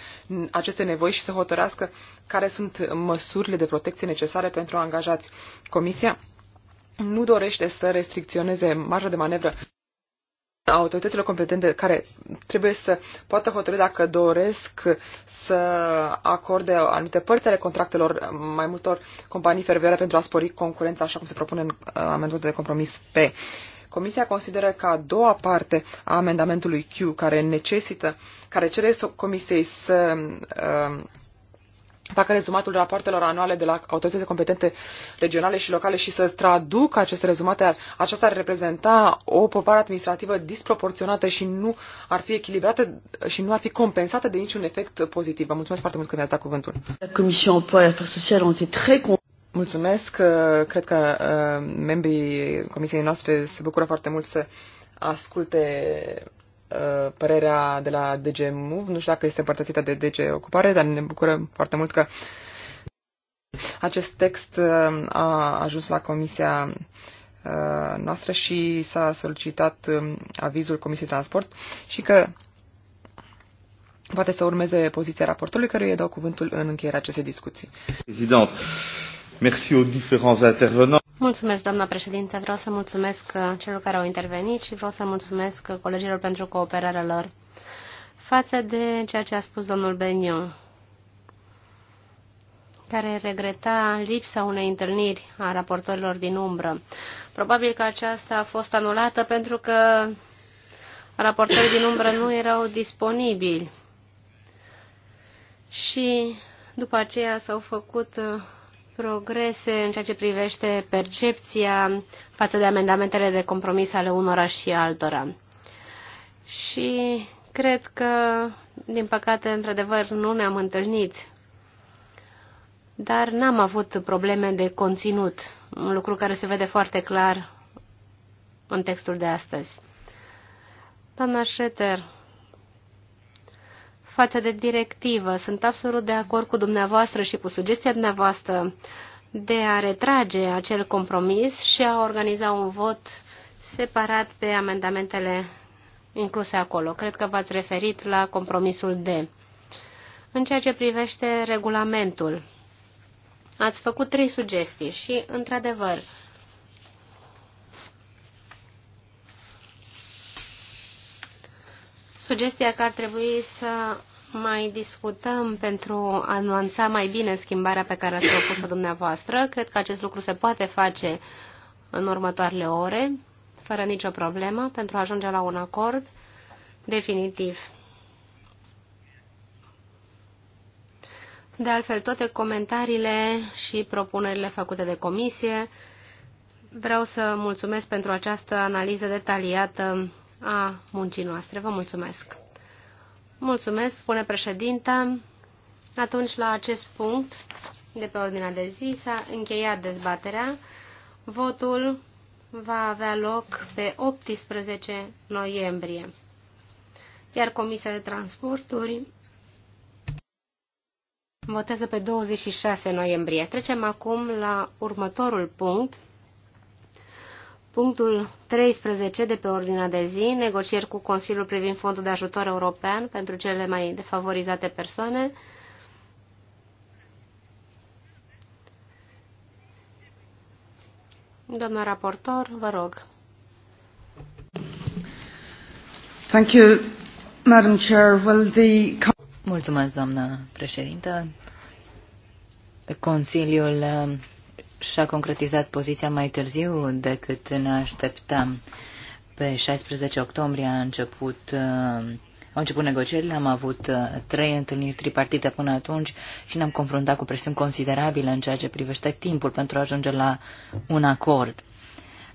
aceste nevoi și să hotărească care sunt măsurile de protecție necesare pentru angajați. Comisia nu dorește să restricționeze marja de manevră autoritățile competente care trebuie să poată hotărâi dacă doresc să acorde anumite părți ale contractelor mai multor companii feroviare pentru a spori concurența, așa cum se propune în uh, amendamentul de compromis P. Comisia consideră că a doua parte a amendamentului Q, care necesită, care cere comisiei să uh, facă rezumatul rapoartelor anuale de la autoritățile competente regionale și locale și să traducă aceste rezumate, aceasta ar reprezenta o povară administrativă disproporționată și nu ar fi echilibrată și nu ar fi compensată de niciun efect pozitiv. Vă mulțumesc foarte mult că mi-ați dat cuvântul. Comisia Sociale Mulțumesc. Uh, cred că uh, membrii comisiei noastre se bucură foarte mult să asculte Uh, părerea de la DG Move. Nu știu dacă este împărtățită de DG Ocupare, dar ne bucurăm foarte mult că acest text uh, a ajuns la comisia uh, noastră și s-a solicitat um, avizul Comisiei Transport și că poate să urmeze poziția raportului, care îi dau cuvântul în încheierea acestei discuții. Président, merci aux différents intervenants. Mulțumesc, doamna președinte. Vreau să mulțumesc uh, celor care au intervenit și vreau să mulțumesc uh, colegilor pentru cooperarea lor. Față de ceea ce a spus domnul Beniu, care regreta lipsa unei întâlniri a raportorilor din umbră. Probabil că aceasta a fost anulată pentru că raportorii din umbră nu erau disponibili. Și după aceea s-au făcut uh, progrese în ceea ce privește percepția față de amendamentele de compromis ale unora și altora. Și cred că, din păcate, într-adevăr, nu ne-am întâlnit, dar n-am avut probleme de conținut, un lucru care se vede foarte clar în textul de astăzi. Doamna Schroeter, față de directivă. Sunt absolut de acord cu dumneavoastră și cu sugestia dumneavoastră de a retrage acel compromis și a organiza un vot separat pe amendamentele incluse acolo. Cred că v-ați referit la compromisul D. În ceea ce privește regulamentul, ați făcut trei sugestii și, într-adevăr, sugestia că ar trebui să mai discutăm pentru a nuanța mai bine schimbarea pe care ați propus-o dumneavoastră. Cred că acest lucru se poate face în următoarele ore, fără nicio problemă, pentru a ajunge la un acord definitiv. De altfel, toate comentariile și propunerile făcute de comisie. Vreau să mulțumesc pentru această analiză detaliată a muncii noastre. Vă mulțumesc! Mulțumesc, spune președinte. Atunci, la acest punct de pe ordinea de zi, s-a încheiat dezbaterea. Votul va avea loc pe 18 noiembrie, iar Comisia de Transporturi votează pe 26 noiembrie. Trecem acum la următorul punct. Punctul 13 de pe ordinea de zi, negocieri cu Consiliul privind Fondul de Ajutor European pentru cele mai defavorizate persoane. Doamna raportor, vă rog. Thank you, Madam Chair. Well, the... Mulțumesc, doamnă președintă. Consiliul și-a concretizat poziția mai târziu decât ne așteptam. Pe 16 octombrie a început, uh, au început negocierile, am avut uh, trei întâlniri tripartite până atunci și ne-am confruntat cu presiuni considerabile în ceea ce privește timpul pentru a ajunge la un acord.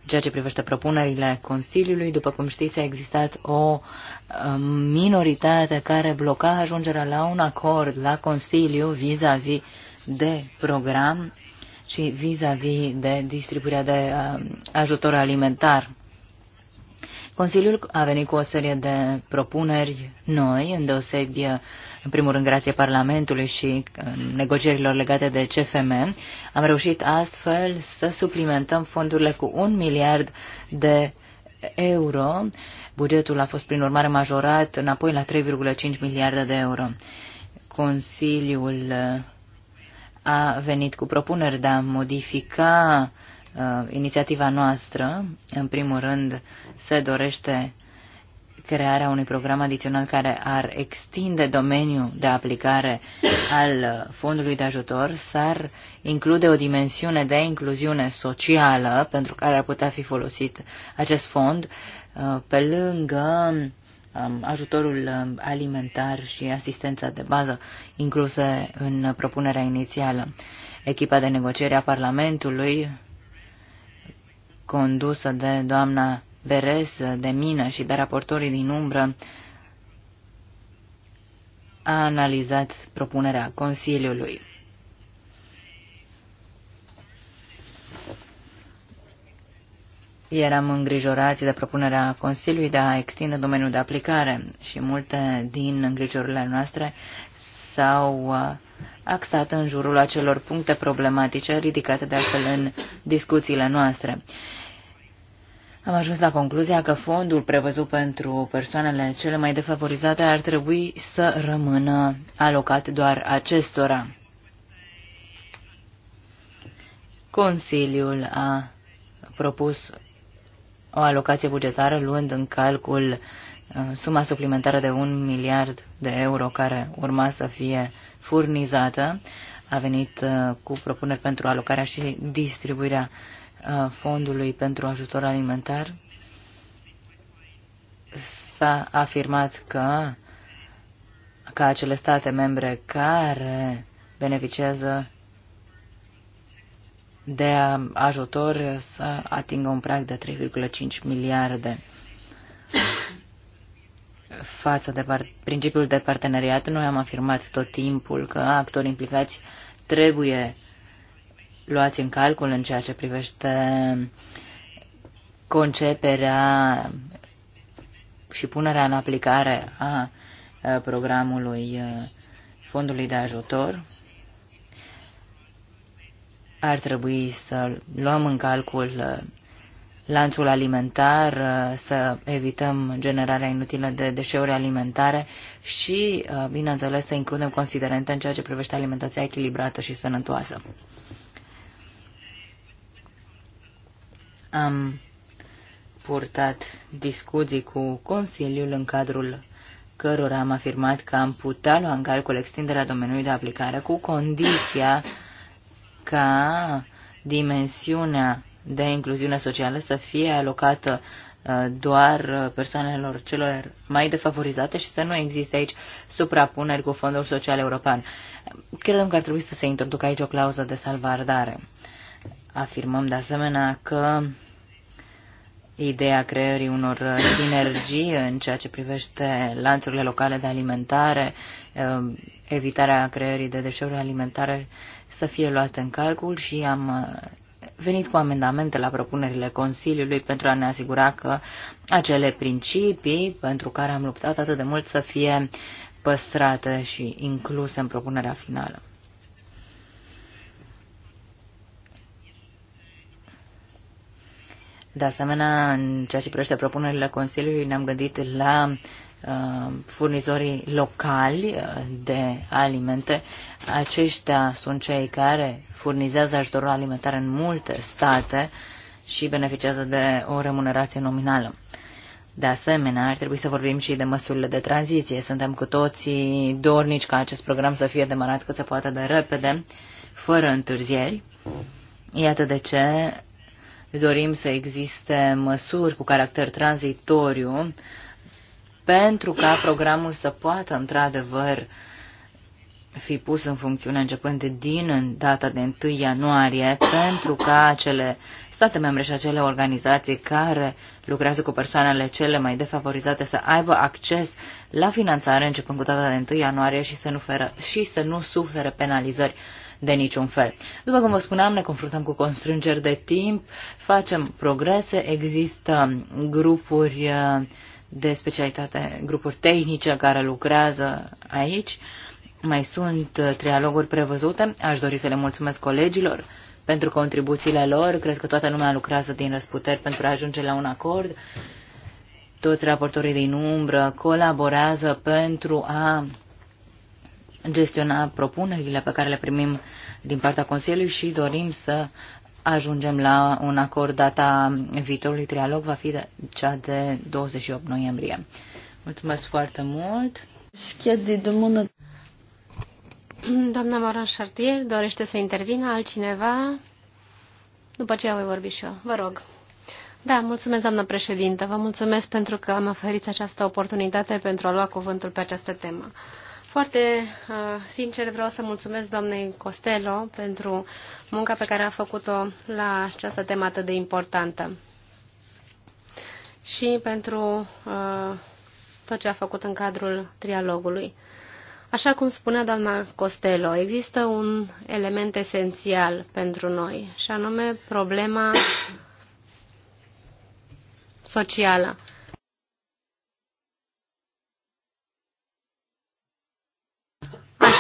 În ceea ce privește propunerile Consiliului, după cum știți, a existat o uh, minoritate care bloca ajungerea la un acord la Consiliu vis-a-vis -vis de program și vis-a-vis -vis de distribuirea de um, ajutor alimentar. Consiliul a venit cu o serie de propuneri noi, îndeosebi, în primul rând, grație Parlamentului și um, negocierilor legate de CFM. Am reușit astfel să suplimentăm fondurile cu un miliard de euro. Bugetul a fost, prin urmare, majorat înapoi la 3,5 miliarde de euro. Consiliul a venit cu propuneri de a modifica uh, inițiativa noastră. În primul rând, se dorește crearea unui program adițional care ar extinde domeniul de aplicare al fondului de ajutor, s-ar include o dimensiune de incluziune socială pentru care ar putea fi folosit acest fond, uh, pe lângă Um, ajutorul um, alimentar și asistența de bază incluse în propunerea inițială. Echipa de negociere a Parlamentului, condusă de doamna Beres, de mine și de raportorii din umbră, a analizat propunerea Consiliului. eram îngrijorați de propunerea Consiliului de a extinde domeniul de aplicare și multe din îngrijorile noastre s-au uh, axat în jurul acelor puncte problematice ridicate de altfel în discuțiile noastre. Am ajuns la concluzia că fondul prevăzut pentru persoanele cele mai defavorizate ar trebui să rămână alocat doar acestora. Consiliul a propus o alocație bugetară luând în calcul uh, suma suplimentară de un miliard de euro care urma să fie furnizată. A venit uh, cu propuneri pentru alocarea și distribuirea uh, fondului pentru ajutor alimentar. S-a afirmat că, că acele state membre care beneficiază de ajutor să atingă un prag de 3,5 miliarde. Față de principiul de parteneriat, noi am afirmat tot timpul că actorii implicați trebuie luați în calcul în ceea ce privește conceperea și punerea în aplicare a programului fondului de ajutor ar trebui să luăm în calcul uh, lanțul alimentar, uh, să evităm generarea inutilă de deșeuri alimentare și, uh, bineînțeles, să includem considerente în ceea ce privește alimentația echilibrată și sănătoasă. Am purtat discuții cu Consiliul în cadrul cărora am afirmat că am putea lua în calcul extinderea domeniului de aplicare cu condiția ca dimensiunea de incluziune socială să fie alocată uh, doar uh, persoanelor celor mai defavorizate și să nu existe aici suprapuneri cu Fondul Social European. Credem că ar trebui să se introducă aici o clauză de salvardare. Afirmăm de asemenea că ideea creării unor uh, sinergii în ceea ce privește lanțurile locale de alimentare, evitarea creării de deșeuri alimentare să fie luat în calcul și am uh, venit cu amendamente la propunerile Consiliului pentru a ne asigura că acele principii pentru care am luptat atât de mult să fie păstrate și incluse în propunerea finală. De asemenea, în ceea ce privește propunerile Consiliului, ne-am gândit la Uh, furnizorii locali uh, de alimente. Aceștia sunt cei care furnizează ajutorul alimentar în multe state și beneficiază de o remunerație nominală. De asemenea, ar trebui să vorbim și de măsurile de tranziție. Suntem cu toții dornici ca acest program să fie demarat cât se poate de repede, fără întârzieri. Iată de ce dorim să existe măsuri cu caracter tranzitoriu pentru ca programul să poată într-adevăr fi pus în funcțiune începând din în data de 1 ianuarie, pentru ca acele state membre și acele organizații care lucrează cu persoanele cele mai defavorizate să aibă acces la finanțare începând cu data de 1 ianuarie și să nu, feră, și să nu sufere penalizări de niciun fel. După cum vă spuneam, ne confruntăm cu constrângeri de timp, facem progrese, există grupuri uh, de specialitate, grupuri tehnice care lucrează aici. Mai sunt uh, trialoguri prevăzute. Aș dori să le mulțumesc colegilor pentru contribuțiile lor. Cred că toată lumea lucrează din răsputeri pentru a ajunge la un acord. Toți raportorii din umbră colaborează pentru a gestiona propunerile pe care le primim din partea Consiliului și dorim să ajungem la un acord. Data viitorului trialog va fi cea de 28 noiembrie. Mulțumesc foarte mult! Doamna Maron Chartier dorește să intervină altcineva? După ce voi vorbi și eu. Vă rog. Da, mulțumesc, doamna președintă. Vă mulțumesc pentru că am oferit această oportunitate pentru a lua cuvântul pe această temă. Foarte uh, sincer vreau să mulțumesc doamnei Costello pentru munca pe care a făcut-o la această temă atât de importantă și pentru uh, tot ce a făcut în cadrul trialogului. Așa cum spunea doamna Costello, există un element esențial pentru noi, și anume problema socială.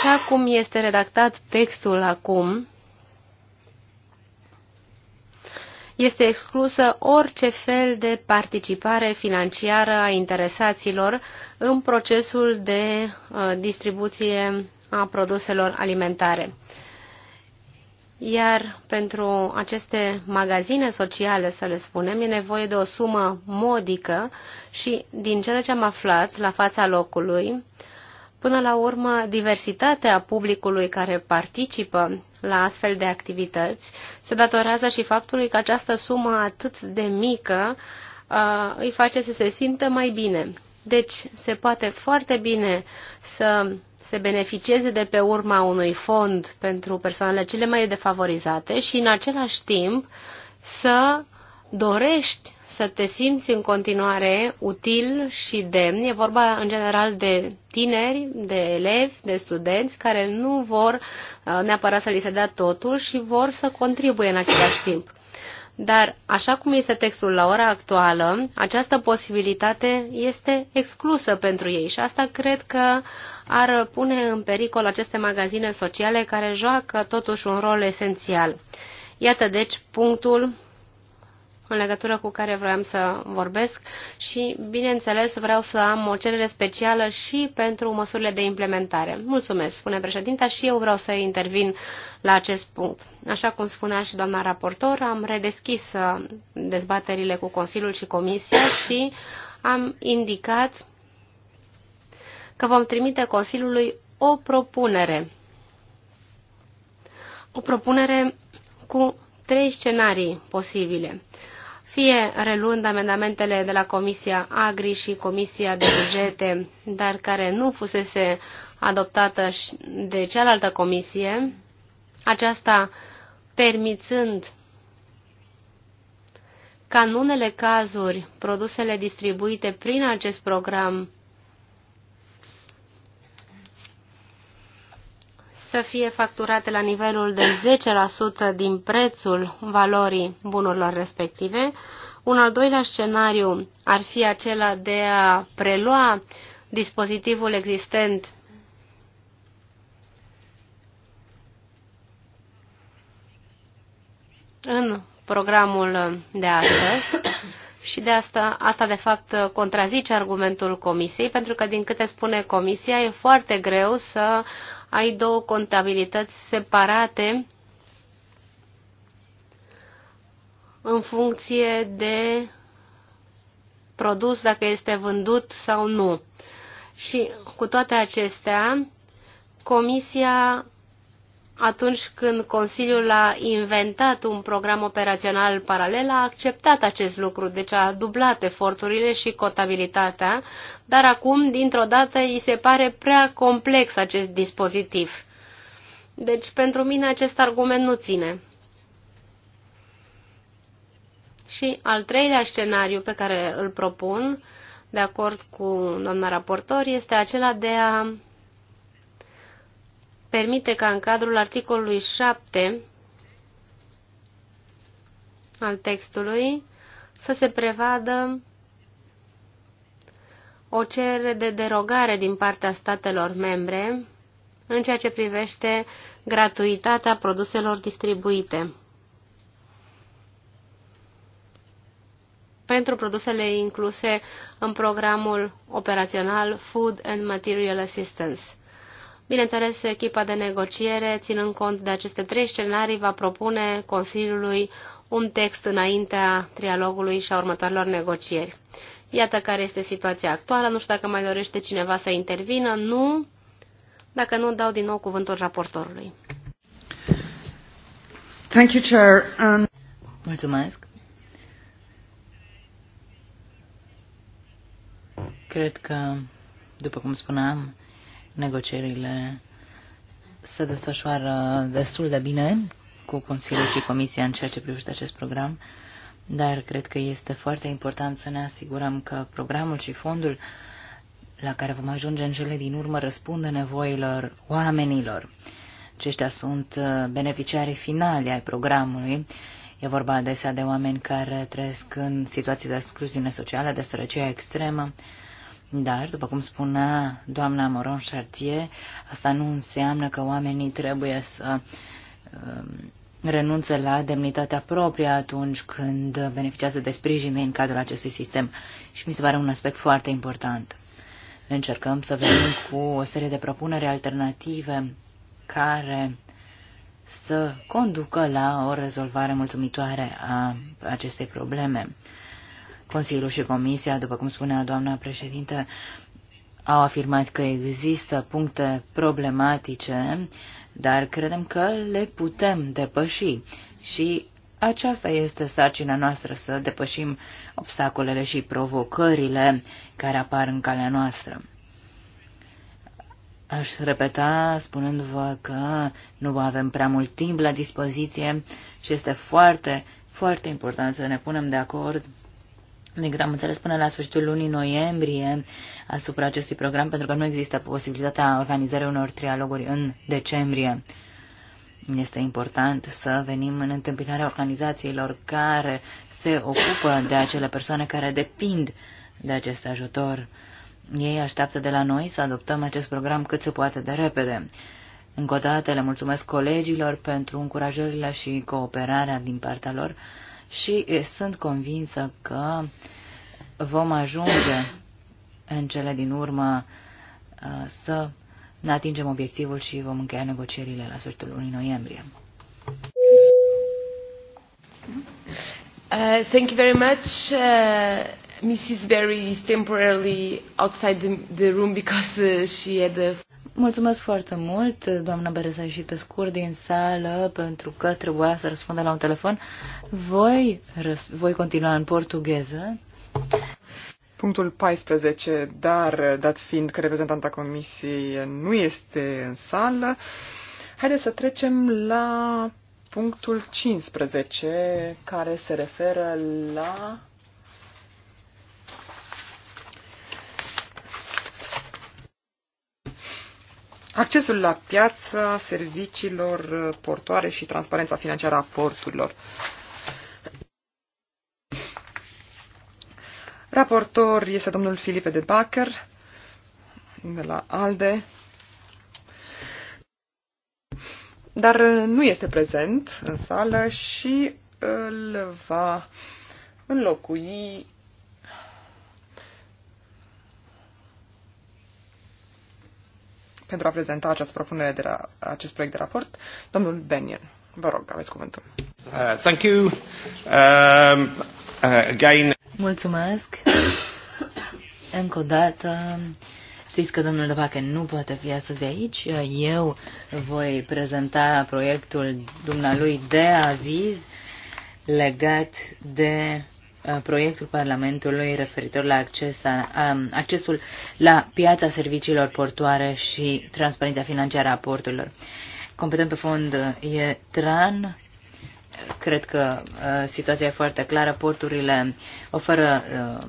Așa cum este redactat textul acum, este exclusă orice fel de participare financiară a interesaților în procesul de uh, distribuție a produselor alimentare. Iar pentru aceste magazine sociale, să le spunem, e nevoie de o sumă modică și, din cele ce am aflat la fața locului, Până la urmă, diversitatea publicului care participă la astfel de activități se datorează și faptului că această sumă atât de mică îi face să se simtă mai bine. Deci, se poate foarte bine să se beneficieze de pe urma unui fond pentru persoanele cele mai defavorizate și, în același timp, să dorești să te simți în continuare util și demn. E vorba în general de tineri, de elevi, de studenți care nu vor uh, neapărat să li se dea totul și vor să contribuie în același timp. Dar, așa cum este textul la ora actuală, această posibilitate este exclusă pentru ei și asta cred că ar pune în pericol aceste magazine sociale care joacă totuși un rol esențial. Iată deci punctul în legătură cu care vreau să vorbesc și, bineînțeles, vreau să am o cerere specială și pentru măsurile de implementare. Mulțumesc, spune președinta, și eu vreau să intervin la acest punct. Așa cum spunea și doamna raportor, am redeschis uh, dezbaterile cu Consiliul și Comisia și am indicat că vom trimite Consiliului o propunere. O propunere cu trei scenarii posibile fie reluând amendamentele de la Comisia Agri și Comisia de Bugete, dar care nu fusese adoptată de cealaltă comisie, aceasta permițând ca în unele cazuri produsele distribuite prin acest program să fie facturate la nivelul de 10% din prețul valorii bunurilor respective. Un al doilea scenariu ar fi acela de a prelua dispozitivul existent în programul de astăzi și de asta, asta de fapt contrazice argumentul comisiei, pentru că din câte spune comisia e foarte greu să ai două contabilități separate în funcție de produs, dacă este vândut sau nu. Și cu toate acestea, Comisia atunci când Consiliul a inventat un program operațional paralel, a acceptat acest lucru, deci a dublat eforturile și contabilitatea, dar acum, dintr-o dată, îi se pare prea complex acest dispozitiv. Deci, pentru mine, acest argument nu ține. Și al treilea scenariu pe care îl propun, de acord cu doamna raportor, este acela de a permite ca în cadrul articolului 7 al textului să se prevadă o cerere de derogare din partea statelor membre în ceea ce privește gratuitatea produselor distribuite. pentru produsele incluse în programul operațional Food and Material Assistance. Bineînțeles, echipa de negociere, ținând cont de aceste trei scenarii, va propune Consiliului un text înaintea trialogului și a următoarelor negocieri. Iată care este situația actuală. Nu știu dacă mai dorește cineva să intervină. Nu. Dacă nu, dau din nou cuvântul raportorului. Thank you, Chair. Um... Mulțumesc. Cred că, după cum spuneam, negocierile se desfășoară destul de bine cu Consiliul și Comisia în ceea ce privește acest program, dar cred că este foarte important să ne asigurăm că programul și fondul la care vom ajunge în cele din urmă răspunde nevoilor oamenilor. Aceștia sunt uh, beneficiarii finali ai programului. E vorba adesea de oameni care trăiesc în situații de excluziune socială, de sărăcie extremă, dar, după cum spunea doamna Moron Chartier, asta nu înseamnă că oamenii trebuie să um, renunță la demnitatea proprie atunci când beneficiază de sprijin din cadrul acestui sistem și mi se pare un aspect foarte important. Încercăm să venim cu o serie de propuneri alternative care să conducă la o rezolvare mulțumitoare a acestei probleme. Consiliul și Comisia, după cum spunea doamna președinte, au afirmat că există puncte problematice, dar credem că le putem depăși și aceasta este sarcina noastră să depășim obstacolele și provocările care apar în calea noastră. Aș repeta spunându-vă că nu avem prea mult timp la dispoziție și este foarte, foarte important să ne punem de acord din câte am înțeles, până la sfârșitul lunii noiembrie asupra acestui program, pentru că nu există posibilitatea organizării unor trialoguri în decembrie. Este important să venim în întâmpinarea organizațiilor care se ocupă de acele persoane care depind de acest ajutor. Ei așteaptă de la noi să adoptăm acest program cât se poate de repede. Încă o dată le mulțumesc colegilor pentru încurajările și cooperarea din partea lor și sunt convinsă că vom ajunge în cele din urmă uh, să ne atingem obiectivul și vom încheia negocierile la sfârșitul lunii noiembrie. Uh, thank you very much. Uh, Mrs. Berry is temporarily outside the, the room because uh, she had a Mulțumesc foarte mult, doamna Bereza, și pe scurt din sală, pentru că trebuia să răspundă la un telefon. Voi, voi continua în portugheză. Punctul 14, dar dat fiind că reprezentanta comisiei nu este în sală, haideți să trecem la punctul 15, care se referă la accesul la piața serviciilor portoare și transparența financiară a porturilor. Raportor este domnul Filipe de Bacher, de la ALDE, dar uh, nu este prezent în sală și îl va înlocui pentru a prezenta această propunere de ra- acest proiect de raport, domnul Benion. Vă rog, aveți cuvântul. Uh, thank you. Um, uh, again. Mulțumesc. *coughs* Încă o dată, știți că domnul Dăbache nu poate fi astăzi aici. Eu voi prezenta proiectul dumnealui de aviz legat de Uh, proiectul Parlamentului referitor la acces a, um, accesul la piața serviciilor portoare și transparența financiară a porturilor. Competent pe fond uh, e TRAN. Cred că uh, situația e foarte clară. Porturile oferă uh,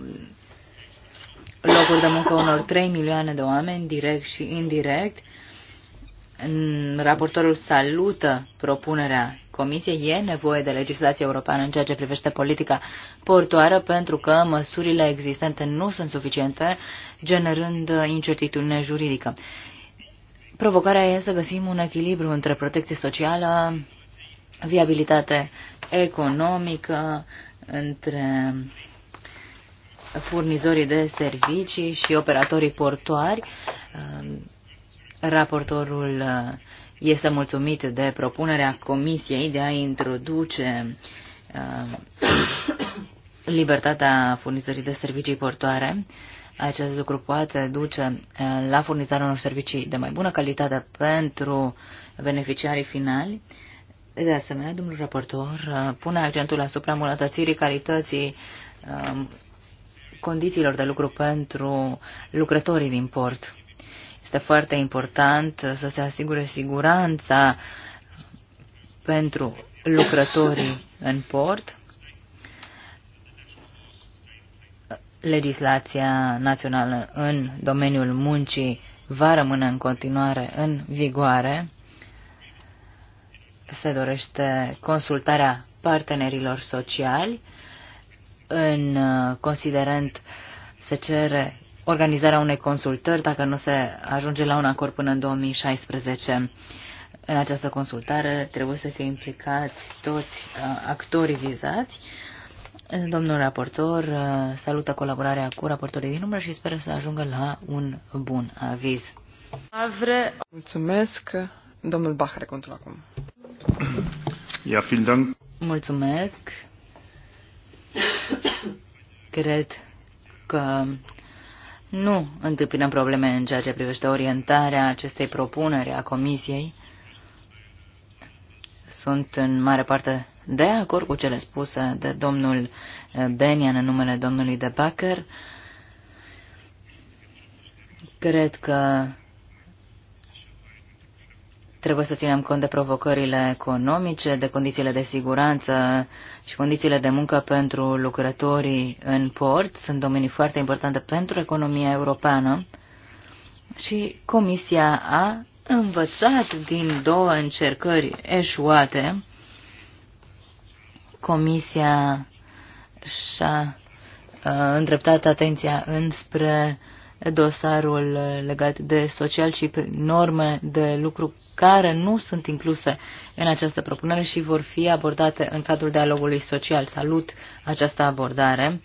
locuri de muncă unor 3 milioane de oameni, direct și indirect. Uh, Raportorul salută propunerea Comisiei. E nevoie de legislație europeană în ceea ce privește politica portoară pentru că măsurile existente nu sunt suficiente, generând incertitudine juridică. Provocarea e să găsim un echilibru între protecție socială, viabilitate economică, între furnizorii de servicii și operatorii portuari, Raportorul uh, este mulțumit de propunerea Comisiei de a introduce uh, libertatea furnizării de servicii portoare. Acest lucru poate duce uh, la furnizarea unor servicii de mai bună calitate pentru beneficiarii finali. De asemenea, domnul raportor pune accentul asupra îmbunătățirii calității um, condițiilor de lucru pentru lucrătorii din port. Este foarte important să se asigure siguranța pentru lucrătorii în port. Legislația națională în domeniul muncii va rămâne în continuare în vigoare. Se dorește consultarea partenerilor sociali. În considerent se cere organizarea unei consultări dacă nu se ajunge la un acord până în 2016. În această consultare trebuie să fie implicați toți uh, actorii vizați. Domnul raportor uh, salută colaborarea cu raportorii din număr și speră să ajungă la un bun aviz. Avre. Mulțumesc. Domnul Bahare, contul acum. Ia vielen Dank. Mulțumesc. Cred că nu întâmpinăm probleme în ceea ce privește orientarea acestei propuneri a Comisiei. Sunt în mare parte de acord cu cele spuse de domnul eh, Benian în numele domnului de Bacher. Cred că Trebuie să ținem cont de provocările economice, de condițiile de siguranță și condițiile de muncă pentru lucrătorii în port. Sunt domenii foarte importante pentru economia europeană și Comisia a învățat din două încercări eșuate. Comisia și-a uh, îndreptat atenția înspre uh, dosarul legat de social și norme de lucru care nu sunt incluse în această propunere și vor fi abordate în cadrul dialogului social. Salut această abordare.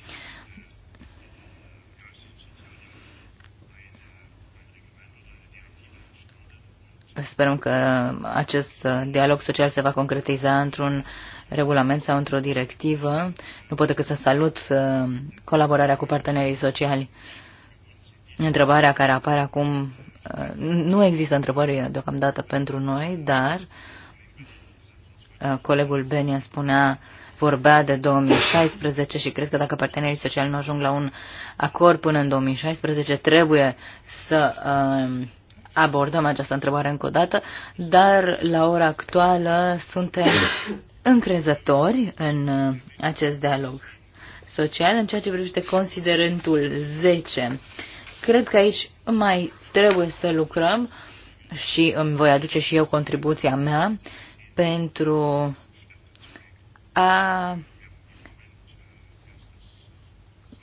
Sperăm că acest dialog social se va concretiza într-un regulament sau într-o directivă. Nu pot decât să salut uh, colaborarea cu partenerii sociali întrebarea care apare acum, uh, nu există întrebări deocamdată pentru noi, dar uh, colegul Benia spunea, vorbea de 2016 și cred că dacă partenerii sociali nu ajung la un acord până în 2016, trebuie să uh, abordăm această întrebare încă o dată, dar la ora actuală suntem încrezători în acest dialog social în ceea ce privește considerentul 10. Cred că aici mai trebuie să lucrăm și îmi voi aduce și eu contribuția mea pentru a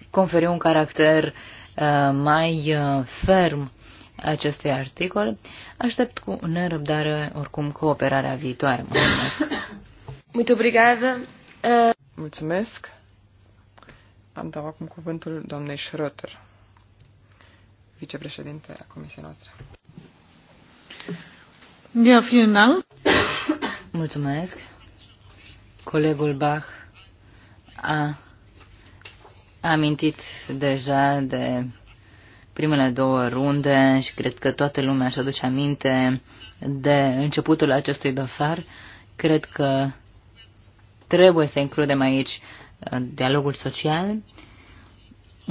conferi un caracter uh, mai uh, ferm acestui articol. Aștept cu nerăbdare, oricum, cooperarea viitoare. Mulțumesc! Uh, Mulțumesc! Am dat acum cuvântul doamnei Schröter vicepreședinte a comisiei noastre. Ja, vielen Dank. *coughs* Mulțumesc. Colegul Bach a amintit deja de primele două runde și cred că toată lumea își aduce aminte de începutul acestui dosar. Cred că trebuie să includem aici uh, dialogul social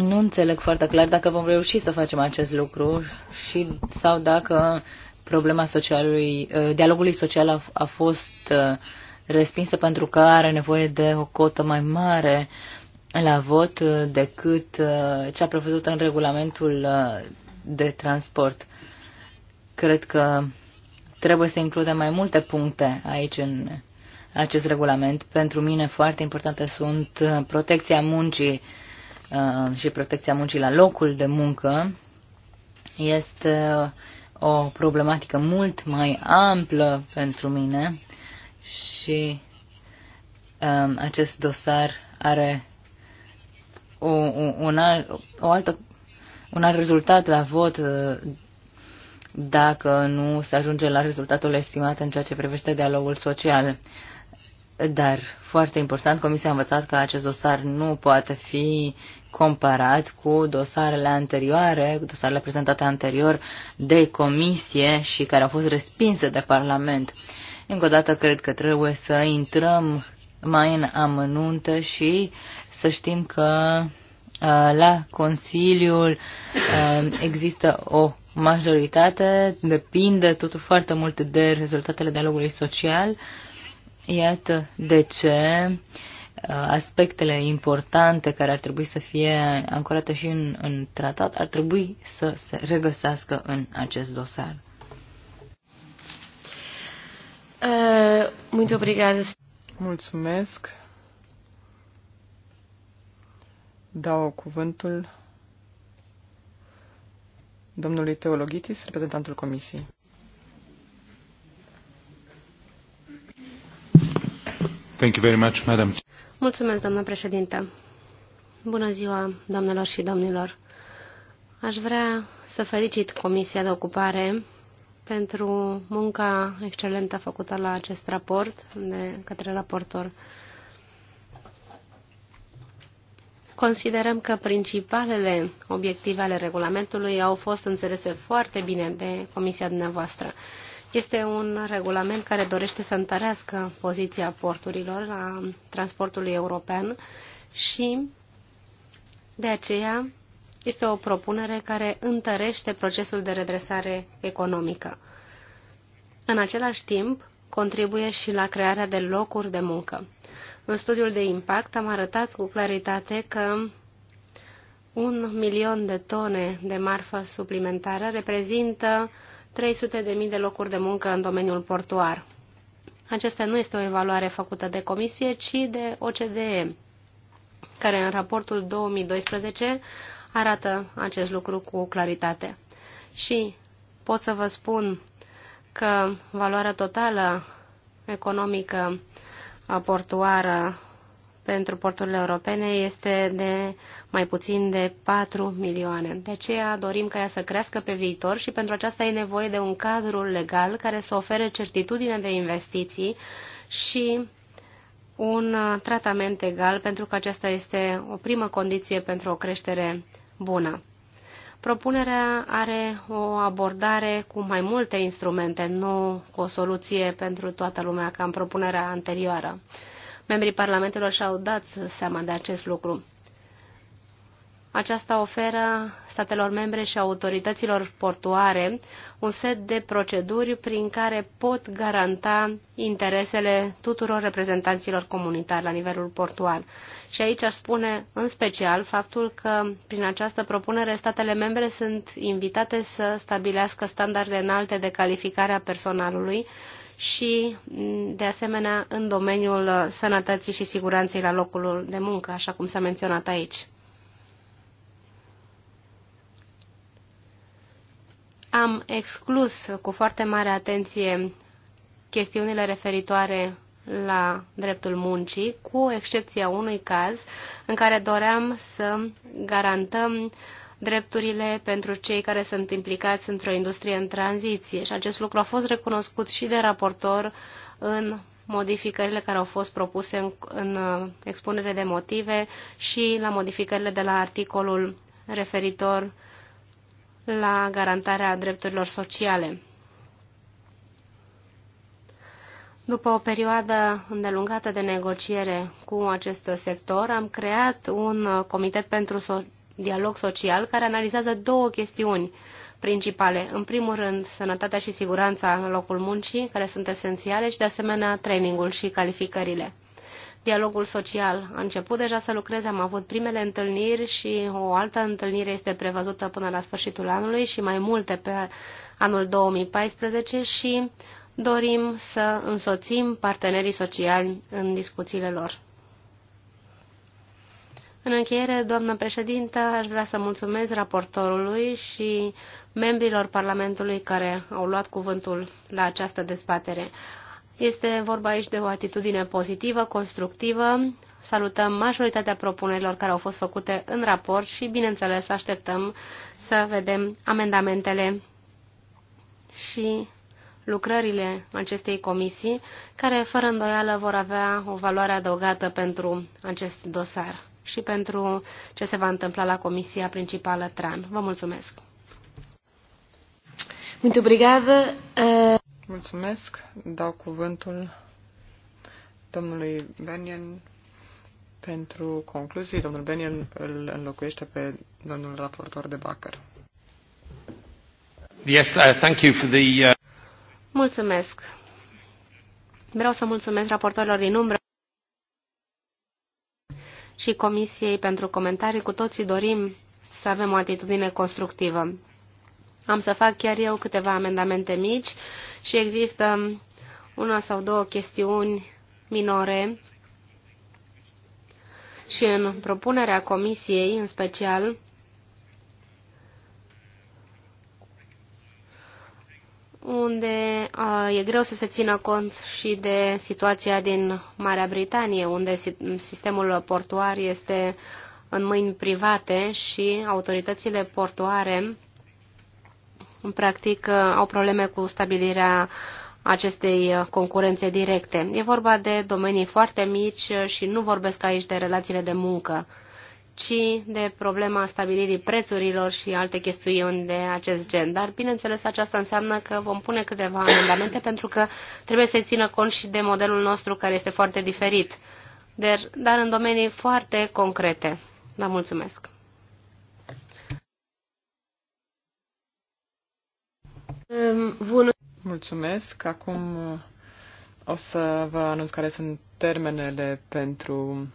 nu înțeleg foarte clar dacă vom reuși să facem acest lucru și sau dacă problema socialului, uh, dialogului social a, a fost uh, respinsă pentru că are nevoie de o cotă mai mare la vot uh, decât cea prevăzută în regulamentul de transport. Cred că trebuie să includem mai multe puncte aici în acest regulament. Pentru mine foarte importante sunt protecția muncii, Uh, și protecția muncii la locul de muncă este o problematică mult mai amplă pentru mine și um, acest dosar are o, o, un, alt, o altă, un alt rezultat la vot uh, dacă nu se ajunge la rezultatul estimat în ceea ce privește dialogul social. Dar, foarte important, Comisia a învățat că acest dosar nu poate fi comparat cu dosarele anterioare, cu dosarele prezentate anterior de Comisie și care au fost respinse de Parlament. Încă o dată, cred că trebuie să intrăm mai în amănunte și să știm că uh, la Consiliul uh, există o majoritate, depinde totul foarte mult de rezultatele dialogului social Iată de ce uh, aspectele importante care ar trebui să fie ancorate și în, în tratat ar trebui să se regăsească în acest dosar. Uh, Mulțumesc. Dau cuvântul domnului Teologitis, reprezentantul Comisiei. Thank you very much, madam. Mulțumesc, doamnă președinte. Bună ziua, doamnelor și domnilor. Aș vrea să felicit Comisia de Ocupare pentru munca excelentă făcută la acest raport de către raportor. Considerăm că principalele obiective ale regulamentului au fost înțelese foarte bine de Comisia dumneavoastră. Este un regulament care dorește să întărească poziția porturilor a transportului european și de aceea este o propunere care întărește procesul de redresare economică. În același timp, contribuie și la crearea de locuri de muncă. În studiul de impact am arătat cu claritate că un milion de tone de marfă suplimentară reprezintă 300.000 de, de locuri de muncă în domeniul portuar. Acesta nu este o evaluare făcută de comisie, ci de OCDE, care în raportul 2012 arată acest lucru cu claritate. Și pot să vă spun că valoarea totală economică portuară pentru porturile europene este de mai puțin de 4 milioane. De aceea dorim ca ea să crească pe viitor și pentru aceasta e nevoie de un cadru legal care să ofere certitudine de investiții și un tratament egal, pentru că aceasta este o primă condiție pentru o creștere bună. Propunerea are o abordare cu mai multe instrumente, nu cu o soluție pentru toată lumea ca în propunerea anterioară membrii Parlamentelor și-au dat seama de acest lucru. Aceasta oferă statelor membre și autorităților portuare un set de proceduri prin care pot garanta interesele tuturor reprezentanților comunitari la nivelul portuar. Și aici aș spune în special faptul că prin această propunere statele membre sunt invitate să stabilească standarde înalte de calificare a personalului și, mm, de asemenea, în domeniul uh, sănătății și siguranței la locul de muncă, așa cum s-a menționat aici. Am exclus cu foarte mare atenție chestiunile referitoare la dreptul muncii, cu excepția unui caz în care doream să garantăm drepturile pentru cei care sunt implicați într-o industrie în tranziție și acest lucru a fost recunoscut și de raportor în modificările care au fost propuse în, în uh, expunere de motive și la modificările de la articolul referitor la garantarea drepturilor sociale. După o perioadă îndelungată de negociere cu acest sector, am creat un uh, comitet pentru so dialog social care analizează două chestiuni principale. În primul rând, sănătatea și siguranța în locul muncii, care sunt esențiale, și de asemenea trainingul și calificările. Dialogul social a început deja să lucreze, am avut primele întâlniri și o altă întâlnire este prevăzută până la sfârșitul anului și mai multe pe anul 2014 și dorim să însoțim partenerii sociali în discuțiile lor. În încheiere, doamnă președintă, aș vrea să mulțumesc raportorului și membrilor Parlamentului care au luat cuvântul la această dezbatere. Este vorba aici de o atitudine pozitivă, constructivă. Salutăm majoritatea propunerilor care au fost făcute în raport și, bineînțeles, așteptăm să vedem amendamentele și lucrările acestei comisii, care, fără îndoială, vor avea o valoare adăugată pentru acest dosar și pentru ce se va întâmpla la Comisia Principală TRAN. Vă mulțumesc! Muito obrigada. Eh, mulțumesc. Dau cuvântul domnului Benian pentru concluzii. Domnul Benian îl înlocuiește pe domnul raportor de Bacăr. Yes, uh, thank you for the, uh... Mulțumesc. Vreau să mulțumesc raportorilor din umbră și Comisiei pentru comentarii. Cu toții dorim să avem o atitudine constructivă. Am să fac chiar eu câteva amendamente mici și există una sau două chestiuni minore și în propunerea Comisiei, în special, unde uh, e greu să se țină cont și de situația din Marea Britanie, unde sistemul portuar este în mâini private și autoritățile portoare în practic au probleme cu stabilirea acestei concurențe directe. E vorba de domenii foarte mici și nu vorbesc aici de relațiile de muncă ci de problema stabilirii prețurilor și alte chestiuni de acest gen. Dar, bineînțeles, aceasta înseamnă că vom pune câteva amendamente pentru că trebuie să țină cont și de modelul nostru care este foarte diferit, dar în domenii foarte concrete. Vă mulțumesc! Ehm, mulțumesc. Acum uh, o să vă anunț care sunt termenele pentru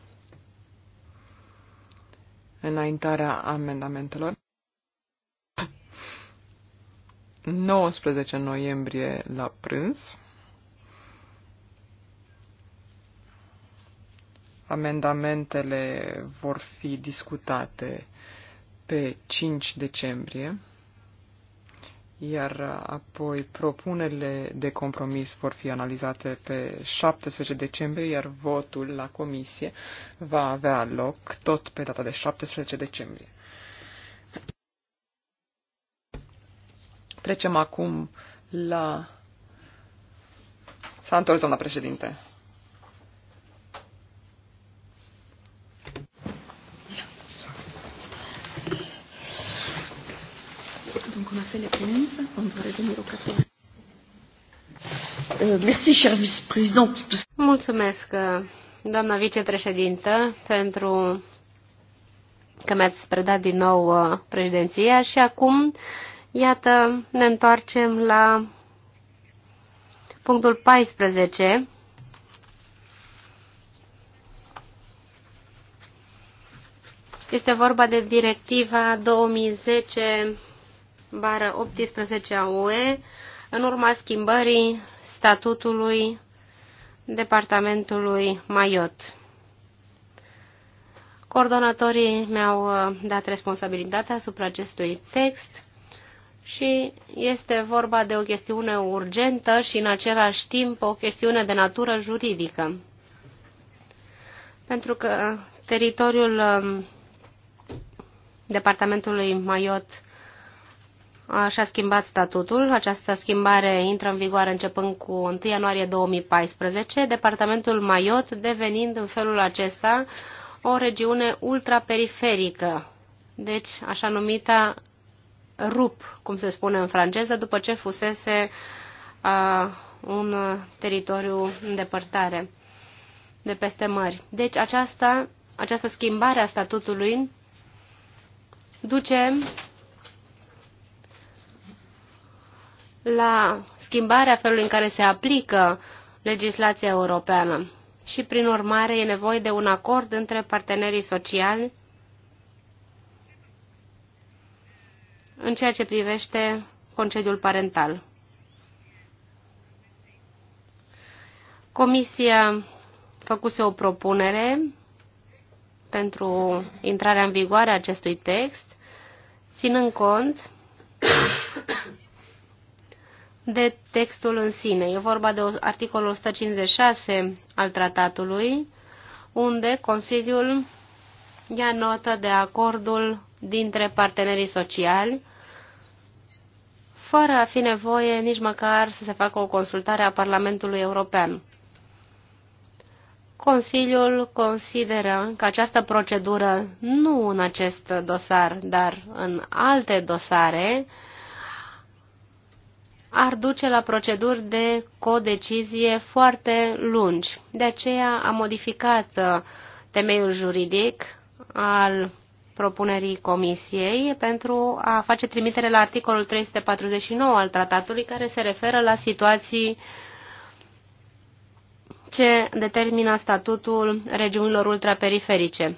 înaintarea amendamentelor. 19 noiembrie la prânz. Amendamentele vor fi discutate pe 5 decembrie iar apoi propunerile de compromis vor fi analizate pe 17 decembrie, iar votul la comisie va avea loc tot pe data de 17 decembrie. Trecem acum la... S-a întors, doamna președinte. Mulțumesc, uh, doamna vicepreședintă, pentru că mi-ați predat din nou uh, președinția și acum, iată, ne întoarcem la punctul 14. Este vorba de directiva 2010 bară 18 a UE în urma schimbării statutului departamentului Maiot. Coordonatorii mi-au uh, dat responsabilitatea asupra acestui text și este vorba de o chestiune urgentă și în același timp o chestiune de natură juridică. Pentru că teritoriul um, departamentului Maiot și-a schimbat statutul. Această schimbare intră în vigoare începând cu 1 ianuarie 2014, departamentul Maiot devenind în felul acesta o regiune ultraperiferică, deci așa numita RUP, cum se spune în franceză, după ce fusese a, un teritoriu îndepărtare de peste mări. Deci aceasta, această schimbare a statutului duce la schimbarea felului în care se aplică legislația europeană și, prin urmare, e nevoie de un acord între partenerii sociali în ceea ce privește concediul parental. Comisia făcuse o propunere pentru intrarea în vigoare a acestui text, ținând cont de textul în sine. E vorba de articolul 156 al tratatului, unde Consiliul ia notă de acordul dintre partenerii sociali, fără a fi nevoie nici măcar să se facă o consultare a Parlamentului European. Consiliul consideră că această procedură, nu în acest dosar, dar în alte dosare, ar duce la proceduri de codecizie foarte lungi. De aceea a modificat uh, temeiul juridic al propunerii Comisiei pentru a face trimitere la articolul 349 al tratatului care se referă la situații ce determină statutul regiunilor ultraperiferice.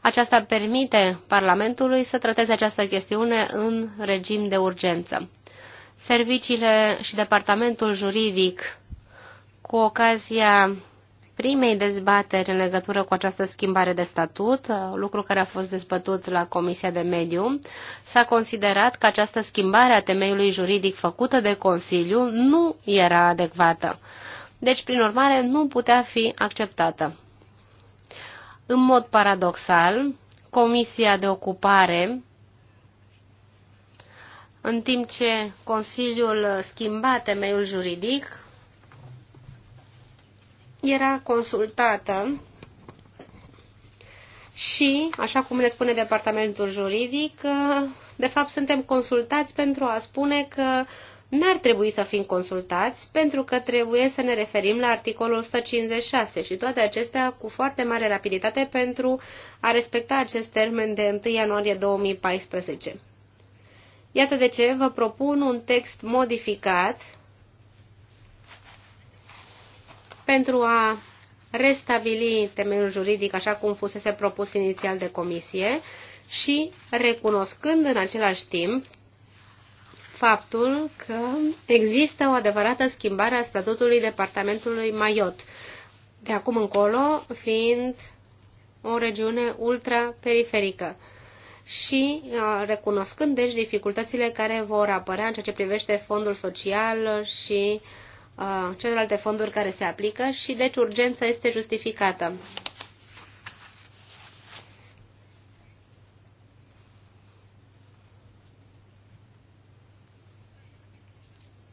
Aceasta permite Parlamentului să trateze această chestiune în regim de urgență serviciile și departamentul juridic cu ocazia primei dezbateri în legătură cu această schimbare de statut, lucru care a fost dezbătut la Comisia de Mediu, s-a considerat că această schimbare a temeiului juridic făcută de Consiliu nu era adecvată. Deci, prin urmare, nu putea fi acceptată. În mod paradoxal, Comisia de Ocupare în timp ce Consiliul schimba temeiul juridic, era consultată și, așa cum ne spune departamentul juridic, de fapt suntem consultați pentru a spune că n-ar trebui să fim consultați pentru că trebuie să ne referim la articolul 156 și toate acestea cu foarte mare rapiditate pentru a respecta acest termen de 1 ianuarie 2014. Iată de ce vă propun un text modificat pentru a restabili temeiul juridic așa cum fusese propus inițial de comisie și recunoscând în același timp faptul că există o adevărată schimbare a statutului departamentului Maiot, de acum încolo fiind o regiune ultraperiferică. periferică și uh, recunoscând deci dificultățile care vor apărea în ceea ce privește fondul social și uh, celelalte fonduri care se aplică și deci urgența este justificată.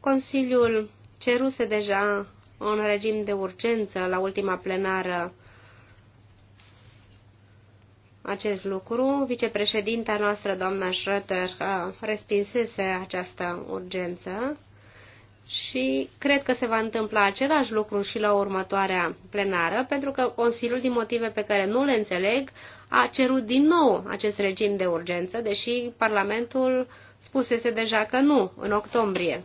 Consiliul ceruse deja un regim de urgență la ultima plenară acest lucru. Vicepreședinta noastră, doamna Schröter, respinsese această urgență și cred că se va întâmpla același lucru și la următoarea plenară, pentru că Consiliul, din motive pe care nu le înțeleg, a cerut din nou acest regim de urgență, deși Parlamentul spusese deja că nu, în octombrie.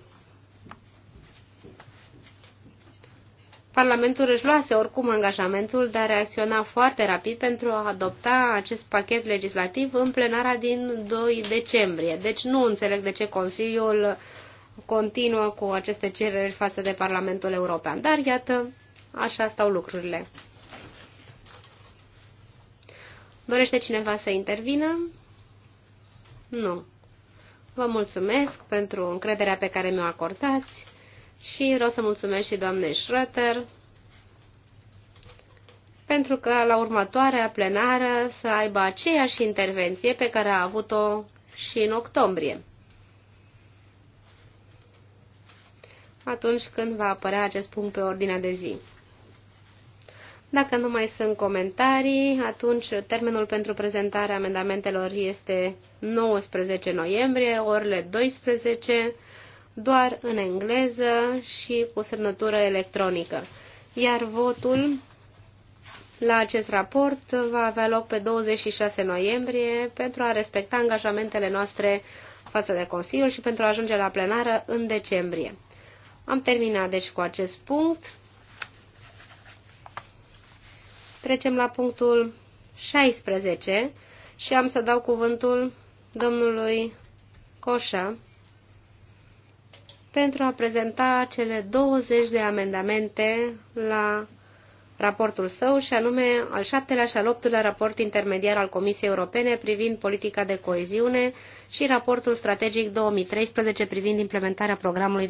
Parlamentul își luase oricum angajamentul de a reacționa foarte rapid pentru a adopta acest pachet legislativ în plenara din 2 decembrie. Deci nu înțeleg de ce Consiliul continuă cu aceste cereri față de Parlamentul European. Dar iată, așa stau lucrurile. Dorește cineva să intervină? Nu. Vă mulțumesc pentru încrederea pe care mi-o acordați și vreau să mulțumesc și doamnei Schröter pentru că la următoarea plenară să aibă aceeași intervenție pe care a avut-o și în octombrie. atunci când va apărea acest punct pe ordinea de zi. Dacă nu mai sunt comentarii, atunci termenul pentru prezentarea amendamentelor este 19 noiembrie, orele 12 doar în engleză și cu semnătură electronică. Iar votul la acest raport va avea loc pe 26 noiembrie pentru a respecta angajamentele noastre față de Consiliul și pentru a ajunge la plenară în decembrie. Am terminat deci cu acest punct. Trecem la punctul 16 și am să dau cuvântul domnului Coșa pentru a prezenta cele 20 de amendamente la raportul său și anume al șaptelea și al optulea raport intermediar al Comisiei Europene privind politica de coeziune și raportul strategic 2013 privind implementarea programului 2007-2013.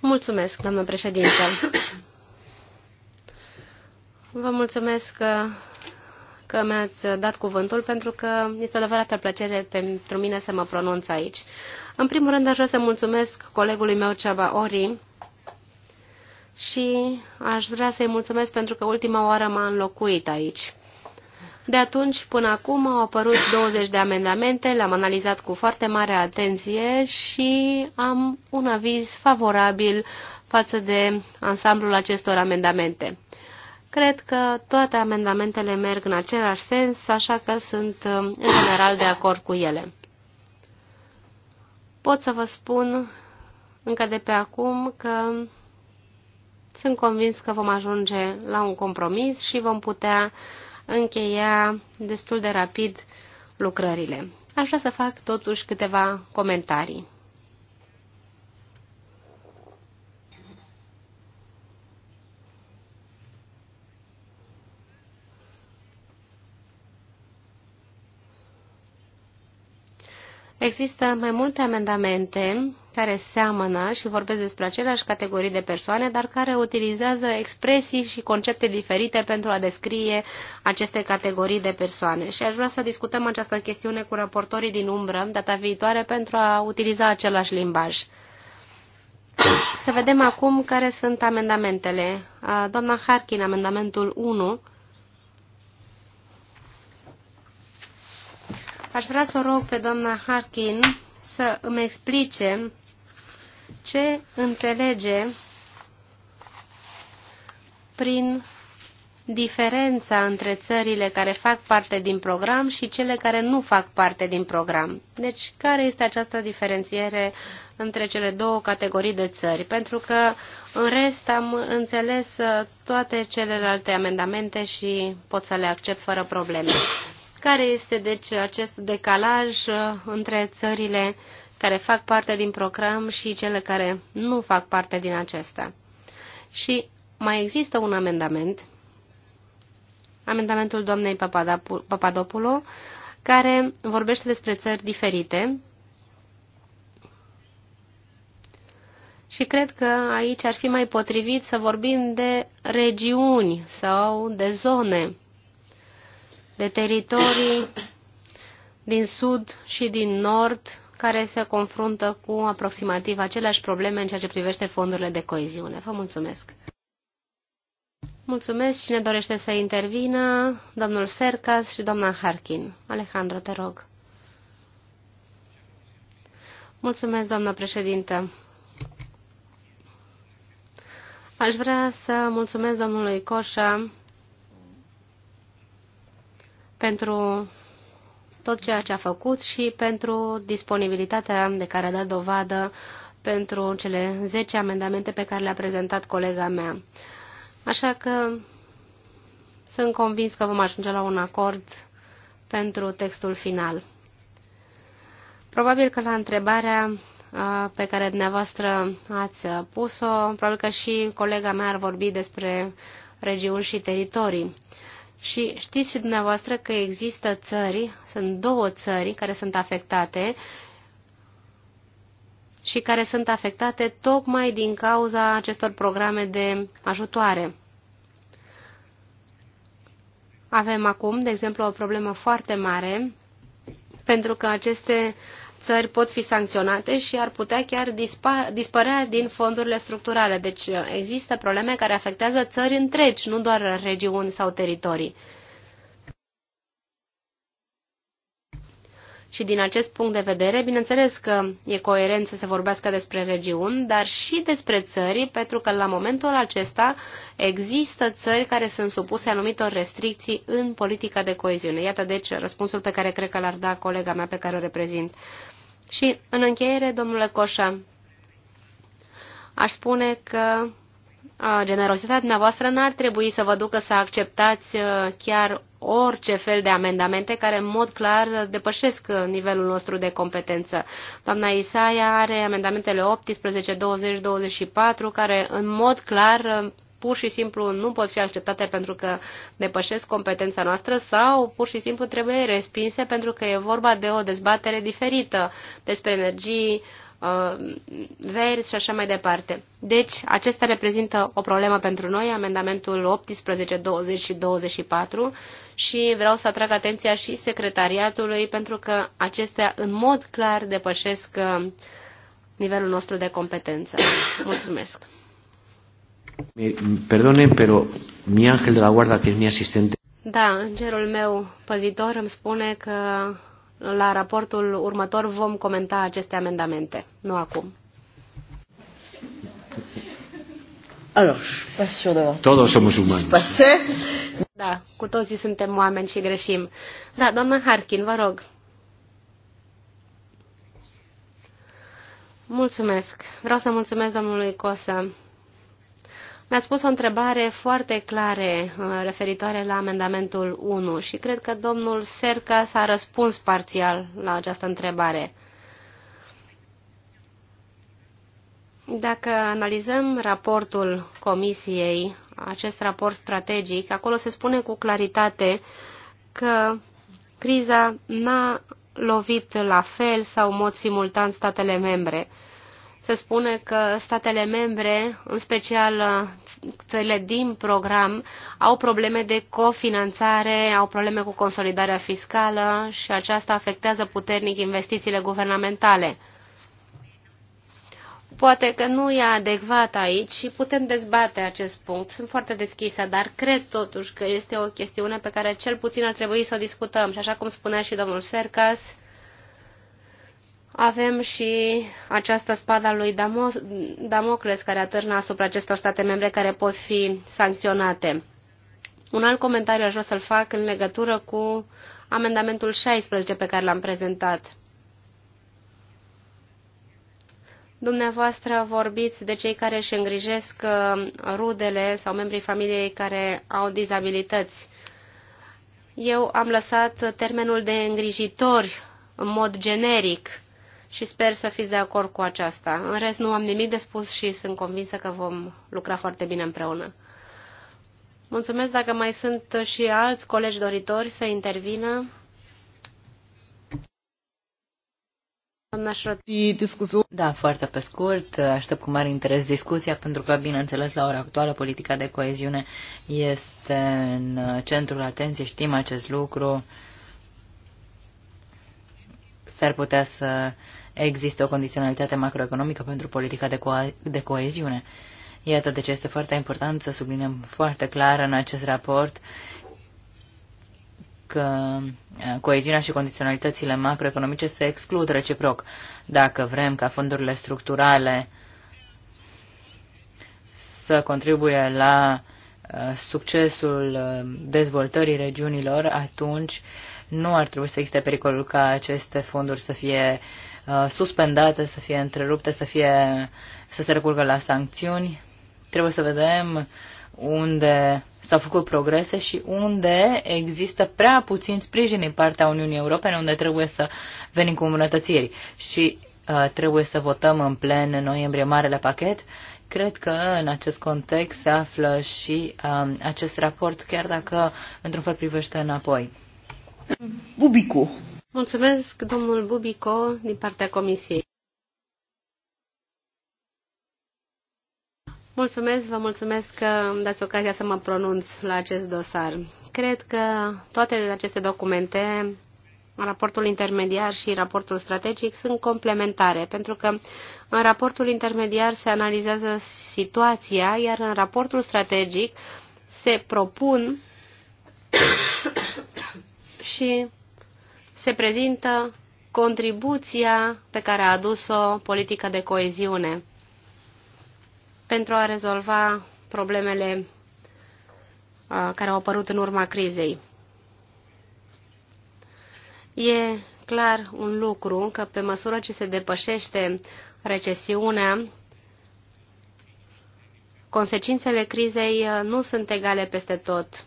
Mulțumesc, doamnă președinte. Vă mulțumesc că mi-ați dat cuvântul pentru că este o adevărată plăcere pentru mine să mă pronunț aici. În primul rând aș vrea să mulțumesc colegului meu Ceaba Ori și aș vrea să-i mulțumesc pentru că ultima oară m-a înlocuit aici. De atunci până acum au apărut 20 de amendamente, le-am analizat cu foarte mare atenție și am un aviz favorabil față de ansamblul acestor amendamente. Cred că toate amendamentele merg în același sens, așa că sunt uh, în general de acord cu ele. Pot să vă spun încă de pe acum că sunt convins că vom ajunge la un compromis și vom putea încheia destul de rapid lucrările. Aș vrea să fac totuși câteva comentarii. Există mai multe amendamente care seamănă și vorbesc despre aceleași categorii de persoane, dar care utilizează expresii și concepte diferite pentru a descrie aceste categorii de persoane. Și aș vrea să discutăm această chestiune cu raportorii din umbră data viitoare pentru a utiliza același limbaj. Să vedem acum care sunt amendamentele. Doamna Harkin, amendamentul 1. Aș vrea să o rog pe doamna Harkin să îmi explice ce înțelege prin diferența între țările care fac parte din program și cele care nu fac parte din program. Deci, care este această diferențiere între cele două categorii de țări? Pentru că, în rest, am înțeles uh, toate celelalte amendamente și pot să le accept fără probleme. Care este deci acest decalaj uh, între țările care fac parte din program și cele care nu fac parte din acesta? Și mai există un amendament, amendamentul doamnei Papadopoulou, care vorbește despre țări diferite și cred că aici ar fi mai potrivit să vorbim de regiuni sau de zone de teritorii din sud și din nord care se confruntă cu aproximativ aceleași probleme în ceea ce privește fondurile de coeziune. Vă mulțumesc! Mulțumesc. Cine dorește să intervină? Domnul Sercas și doamna Harkin. Alejandro, te rog. Mulțumesc, doamna președintă. Aș vrea să mulțumesc domnului Coșa pentru tot ceea ce a făcut și pentru disponibilitatea de care a dat dovadă pentru cele 10 amendamente pe care le-a prezentat colega mea. Așa că sunt convins că vom ajunge la un acord pentru textul final. Probabil că la întrebarea pe care dumneavoastră ați pus-o, probabil că și colega mea ar vorbi despre regiuni și teritorii. Și știți și dumneavoastră că există țări, sunt două țări care sunt afectate și care sunt afectate tocmai din cauza acestor programe de ajutoare. Avem acum, de exemplu, o problemă foarte mare pentru că aceste țări pot fi sancționate și ar putea chiar dispa, dispărea din fondurile structurale. Deci uh, există probleme care afectează țări întregi, nu doar regiuni sau teritorii. Și din acest punct de vedere, bineînțeles că e coerent să se vorbească despre regiuni, dar și despre țări, pentru că la momentul acesta există țări care sunt supuse anumitor restricții în politica de coeziune. Iată deci răspunsul pe care cred că l-ar da colega mea pe care o reprezint. Și, în încheiere, domnule Coșa, aș spune că generozitatea dumneavoastră n-ar trebui să vă ducă să acceptați chiar orice fel de amendamente care în mod clar depășesc nivelul nostru de competență. Doamna Isaia are amendamentele 18, 20, 24 care în mod clar pur și simplu nu pot fi acceptate pentru că depășesc competența noastră sau pur și simplu trebuie respinse pentru că e vorba de o dezbatere diferită despre energii uh, verzi și așa mai departe. Deci, acesta reprezintă o problemă pentru noi, amendamentul 18, 20 și 24 și vreau să atrag atenția și secretariatului pentru că acestea în mod clar depășesc uh, nivelul nostru de competență. Mulțumesc! Perdone, pero mi ángel de la guarda, que es mi asistente. Da, îngerul meu păzitor îmi spune că la raportul următor vom comenta aceste amendamente, nu acum. Alors, pas Todos somos humanos. Da, cu toții suntem oameni și greșim. Da, doamna Harkin, vă rog. Mulțumesc. Vreau să mulțumesc domnului Cosa mi a spus o întrebare foarte clare uh, referitoare la amendamentul 1 și cred că domnul Serca s-a răspuns parțial la această întrebare. Dacă analizăm raportul Comisiei, acest raport strategic, acolo se spune cu claritate că criza n-a lovit la fel sau în mod simultan statele membre se spune că statele membre, în special uh, țările din program, au probleme de cofinanțare, au probleme cu consolidarea fiscală și aceasta afectează puternic investițiile guvernamentale. Poate că nu e adecvat aici și putem dezbate acest punct. Sunt foarte deschisă, dar cred totuși că este o chestiune pe care cel puțin ar trebui să o discutăm. Și așa cum spunea și domnul Sercas, avem și această spada lui Damocles care atârnă asupra acestor state membre care pot fi sancționate. Un alt comentariu aș vrea să-l fac în legătură cu amendamentul 16 pe care l-am prezentat. Dumneavoastră vorbiți de cei care își îngrijesc uh, rudele sau membrii familiei care au dizabilități. Eu am lăsat termenul de îngrijitori în mod generic și sper să fiți de acord cu aceasta. În rest, nu am nimic de spus și sunt convinsă că vom lucra foarte bine împreună. Mulțumesc dacă mai sunt și alți colegi doritori să intervină. Da, foarte pe scurt. Aștept cu mare interes discuția, pentru că, bineînțeles, la ora actuală, politica de coeziune este în centrul atenției. Știm acest lucru s-ar putea să există o condiționalitate macroeconomică pentru politica de, co- de coeziune. Iată de ce este foarte important să subliniem foarte clar în acest raport că eh, coeziunea și condiționalitățile macroeconomice se exclud reciproc. Dacă vrem ca fondurile structurale să contribuie la eh, succesul eh, dezvoltării regiunilor, atunci uh, nu ar trebui să existe pericolul ca aceste fonduri să fie uh, suspendate, să fie întrerupte, să, fie, să se recurgă la sancțiuni. Trebuie să vedem unde s-au făcut progrese și unde există prea puțin sprijin din partea Uniunii Europene, unde trebuie să venim cu îmbunătățiri. Și uh, trebuie să votăm în plen în noiembrie marele pachet. Cred că în acest context se află și um, acest raport, chiar dacă într-un fel privește înapoi. Bubicu. Mulțumesc, domnul Bubico, din partea Comisiei. Mulțumesc, vă mulțumesc că îmi dați ocazia să mă pronunț la acest dosar. Cred că toate aceste documente, raportul intermediar și raportul strategic, sunt complementare, pentru că în raportul intermediar se analizează situația, iar în raportul strategic se propun și se prezintă contribuția pe care a adus-o politica de coeziune pentru a rezolva problemele uh, care au apărut în urma crizei. E clar un lucru, că pe măsură ce se depășește recesiunea, consecințele crizei uh, nu sunt egale peste tot.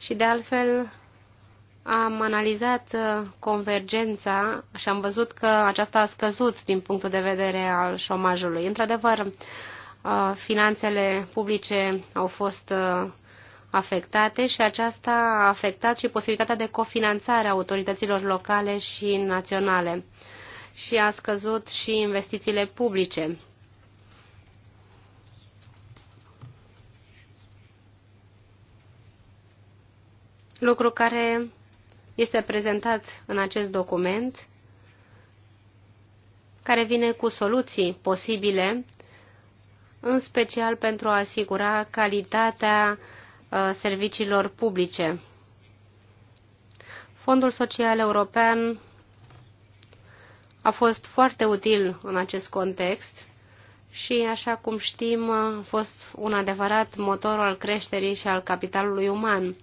Și de altfel, am analizat uh, convergența și am văzut că aceasta a scăzut din punctul de vedere al șomajului. Într-adevăr, uh, finanțele publice au fost uh, afectate și aceasta a afectat și posibilitatea de cofinanțare a autorităților locale și naționale și a scăzut și investițiile publice. Lucru care este prezentat în acest document care vine cu soluții posibile, în special pentru a asigura calitatea uh, serviciilor publice. Fondul Social European a fost foarte util în acest context și, așa cum știm, a fost un adevărat motor al creșterii și al capitalului uman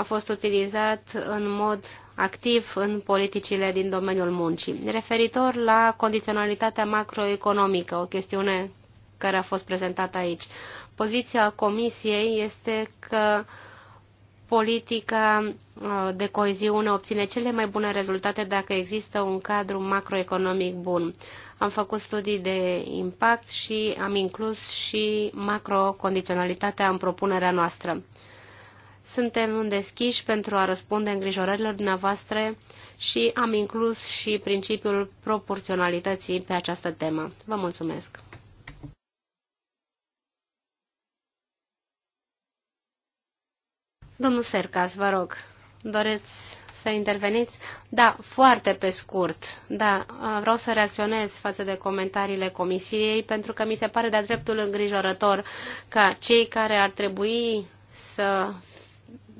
a fost utilizat în mod activ în politicile din domeniul muncii. Referitor la condiționalitatea macroeconomică, o chestiune care a fost prezentată aici, poziția Comisiei este că politica uh, de coeziune obține cele mai bune rezultate dacă există un cadru macroeconomic bun. Am făcut studii de impact și am inclus și macrocondiționalitatea în propunerea noastră. Suntem deschiși pentru a răspunde îngrijorărilor dumneavoastră și am inclus și principiul proporționalității pe această temă. Vă mulțumesc! Domnul Sercas, vă rog, doreți să interveniți? Da, foarte pe scurt. Da, vreau să reacționez față de comentariile comisiei, pentru că mi se pare de-a dreptul îngrijorător ca cei care ar trebui să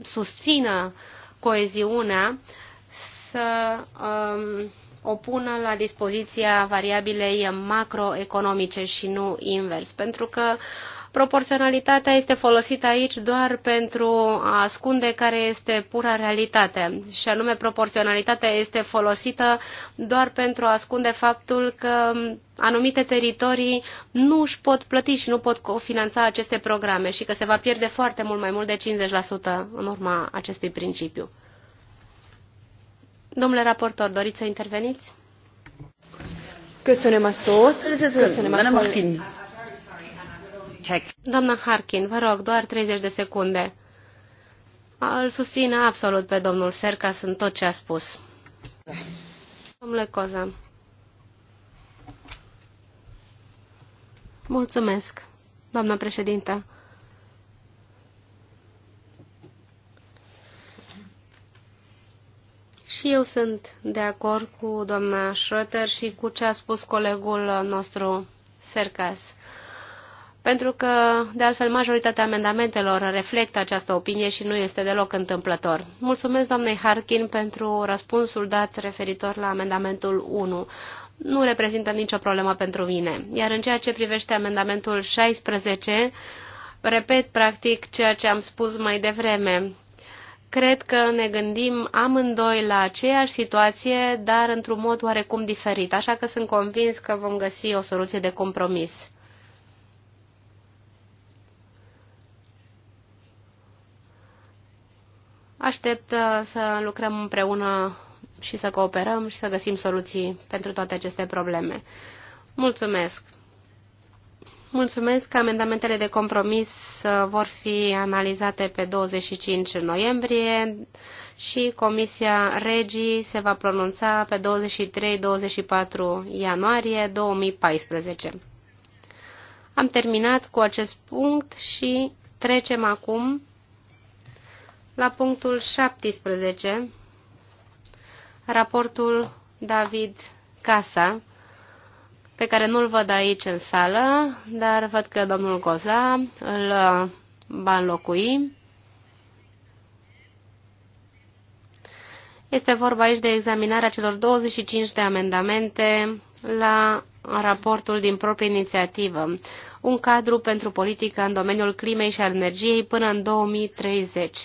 susțină coeziunea să um, o pună la dispoziția variabilei macroeconomice și nu invers, pentru că uh, Proporționalitatea este folosită aici doar pentru a ascunde care este pura realitate și anume proporționalitatea este folosită doar pentru a ascunde faptul că anumite teritorii nu își pot plăti și nu pot cofinanța aceste programe și că se va pierde foarte mult mai mult de 50% în urma acestui principiu. Domnule raportor, doriți să interveniți? Köszönöm că să ne a Doamna Harkin, vă rog, doar 30 de secunde. Îl susțin absolut pe domnul Sercas în tot ce a spus. Domnule Coza. Mulțumesc, doamna președintă. Și eu sunt de acord cu doamna Schroeter și cu ce a spus colegul nostru Sercas pentru că, de altfel, majoritatea amendamentelor reflectă această opinie și nu este deloc întâmplător. Mulțumesc, doamnei Harkin, pentru răspunsul dat referitor la amendamentul 1. Nu reprezintă nicio problemă pentru mine. Iar în ceea ce privește amendamentul 16, repet, practic, ceea ce am spus mai devreme. Cred că ne gândim amândoi la aceeași situație, dar într-un mod oarecum diferit, așa că sunt convins că vom găsi o soluție de compromis. Aștept uh, să lucrăm împreună și să cooperăm și să găsim soluții pentru toate aceste probleme. Mulțumesc! Mulțumesc că amendamentele de compromis uh, vor fi analizate pe 25 noiembrie și Comisia Regii se va pronunța pe 23-24 ianuarie 2014. Am terminat cu acest punct și trecem acum la punctul 17, raportul David Casa, pe care nu-l văd aici în sală, dar văd că domnul Goza îl uh, va înlocui. Este vorba aici de examinarea celor 25 de amendamente la raportul din proprie inițiativă, un cadru pentru politică în domeniul climei și al energiei până în 2030.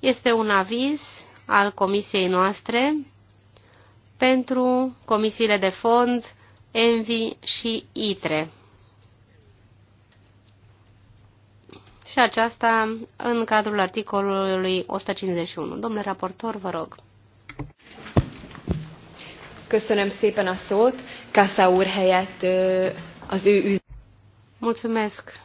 Este un aviz al comisiei noastre pentru comisiile de fond, ENVI și ITRE. Și aceasta în cadrul articolului 151. Domnule raportor, vă rog. Köszönöm szépen a szót. Kassa úr helyett az ő üz... Mulțumesc,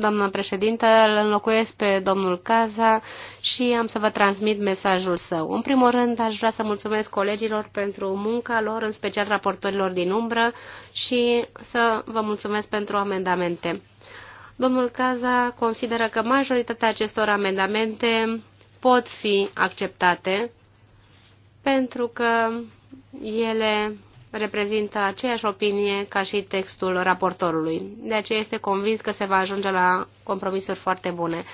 doamnă președinte, îl înlocuiesc pe domnul Caza și am să vă transmit mesajul său. În primul rând, aș vrea să mulțumesc colegilor pentru munca lor, în special raportorilor din umbră, și să vă mulțumesc pentru amendamente. Domnul Caza consideră că majoritatea acestor amendamente pot fi acceptate pentru că ele reprezintă aceeași opinie ca și textul raportorului. De aceea este convins că se va ajunge la compromisuri foarte bune.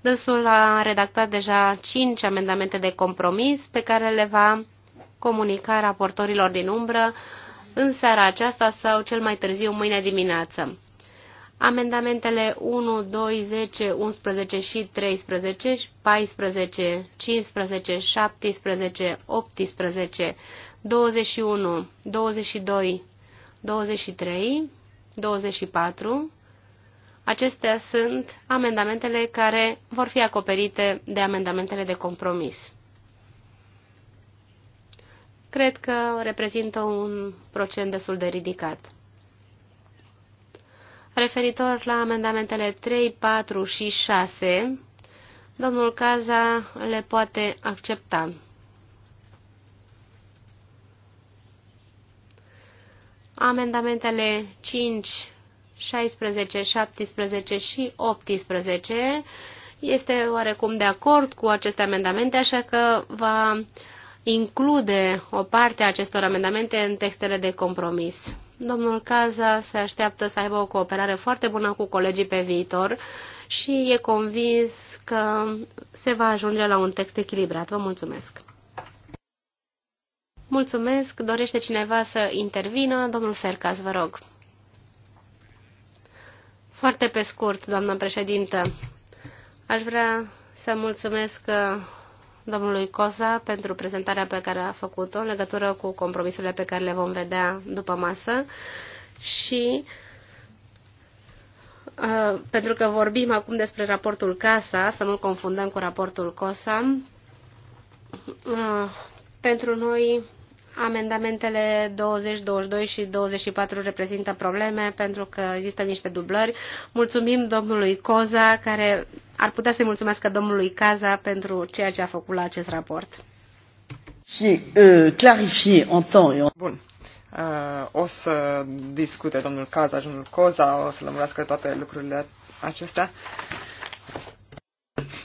Dânsul a redactat deja cinci amendamente de compromis pe care le va comunica raportorilor din umbră în seara aceasta sau cel mai târziu mâine dimineață. Amendamentele 1, 2, 10, 11 și 13, 14, 15, 17, 18, 21, 22, 23, 24. Acestea sunt amendamentele care vor fi acoperite de amendamentele de compromis. Cred că reprezintă un procent destul de ridicat. Referitor la amendamentele 3, 4 și 6, domnul Caza le poate accepta. Amendamentele 5, 16, 17 și 18 este oarecum de acord cu aceste amendamente, așa că va include o parte a acestor amendamente în textele de compromis. Domnul Caza se așteaptă să aibă o cooperare foarte bună cu colegii pe viitor și e convins că se va ajunge la un text echilibrat. Vă mulțumesc! Mulțumesc. Dorește cineva să intervină? Domnul Sercas, vă rog. Foarte pe scurt, doamnă președintă. Aș vrea să mulțumesc uh, domnului Cosa pentru prezentarea pe care a făcut-o în legătură cu compromisurile pe care le vom vedea după masă și uh, pentru că vorbim acum despre raportul CASA, să nu confundăm cu raportul COSA, uh, pentru noi Amendamentele 20, 22 și 24 reprezintă probleme pentru că există niște dublări. Mulțumim domnului Coza, care ar putea să-i mulțumească domnului Caza pentru ceea ce a făcut la acest raport. Uh, clarifie în temps Bun. Uh, o să discute domnul Caza domnul Coza, o să lămurească toate lucrurile acestea.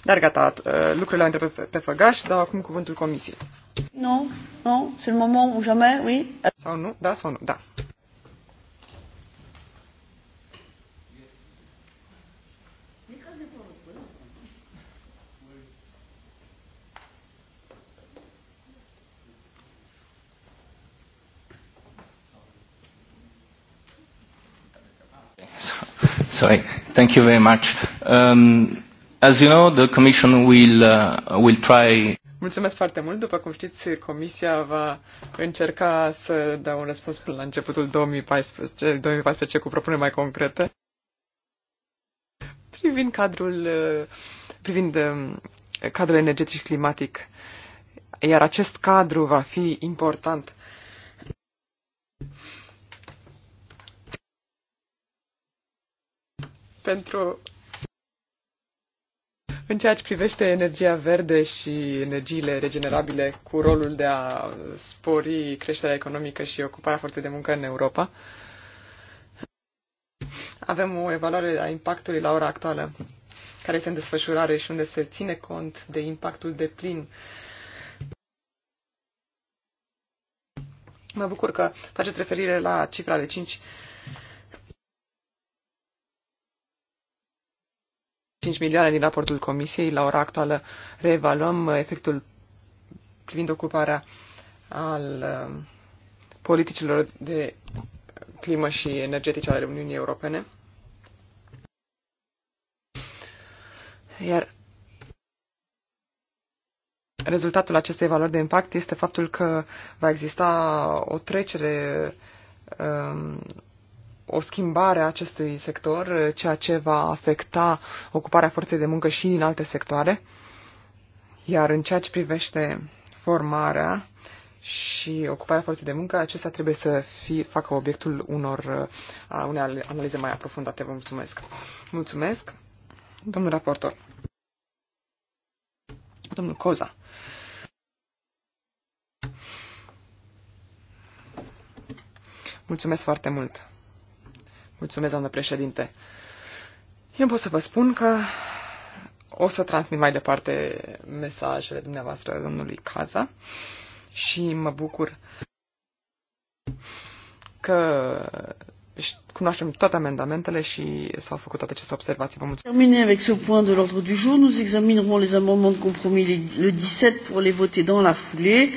Dar gata, uh, lucrurile au pe, pe făgaș, dau acum cuvântul comisiei. Nu, nu, c'est le moment ou jamais, oui. Sau nu, da sau nu, da. Sorry. Thank you very much. Um, as you know, the Commission will uh, will try Mulțumesc foarte mult. După cum știți, Comisia va încerca să dea un răspuns până la începutul 2014, 2014 cu propuneri mai concrete privind cadrul, privind eh, cadrul energetic și climatic. Iar acest cadru va fi important. Pentru în ceea ce privește energia verde și energiile regenerabile cu rolul de a spori creșterea economică și ocuparea forței de muncă în Europa, avem o evaluare a impactului la ora actuală, care este în desfășurare și unde se ține cont de impactul de plin. Mă bucur că faceți referire la cifra de 5 5 milioane din raportul Comisiei. La ora actuală reevaluăm efectul privind ocuparea al uh, politicilor de climă și energetice ale Uniunii Europene. Iar rezultatul acestei valori de impact este faptul că va exista o trecere um, o schimbare a acestui sector, ceea ce va afecta ocuparea forței de muncă și în alte sectoare. Iar în ceea ce privește formarea și ocuparea forței de muncă, acesta trebuie să fie, facă obiectul unor unei analize mai aprofundate. Vă mulțumesc. Mulțumesc, domnul raportor. Domnul Coza. Mulțumesc foarte mult. Mulțumesc, doamnă președinte. Eu pot să vă spun că o să transmit mai departe mesajele dumneavoastră domnului Caza și mă bucur că cunoaștem toate amendamentele și s-au făcut toate aceste observații. Vă mulțumesc. Terminé avec ce point de l'ordre du jour, nous examinerons les amendements de compromis le 17 pour les voter dans la foulée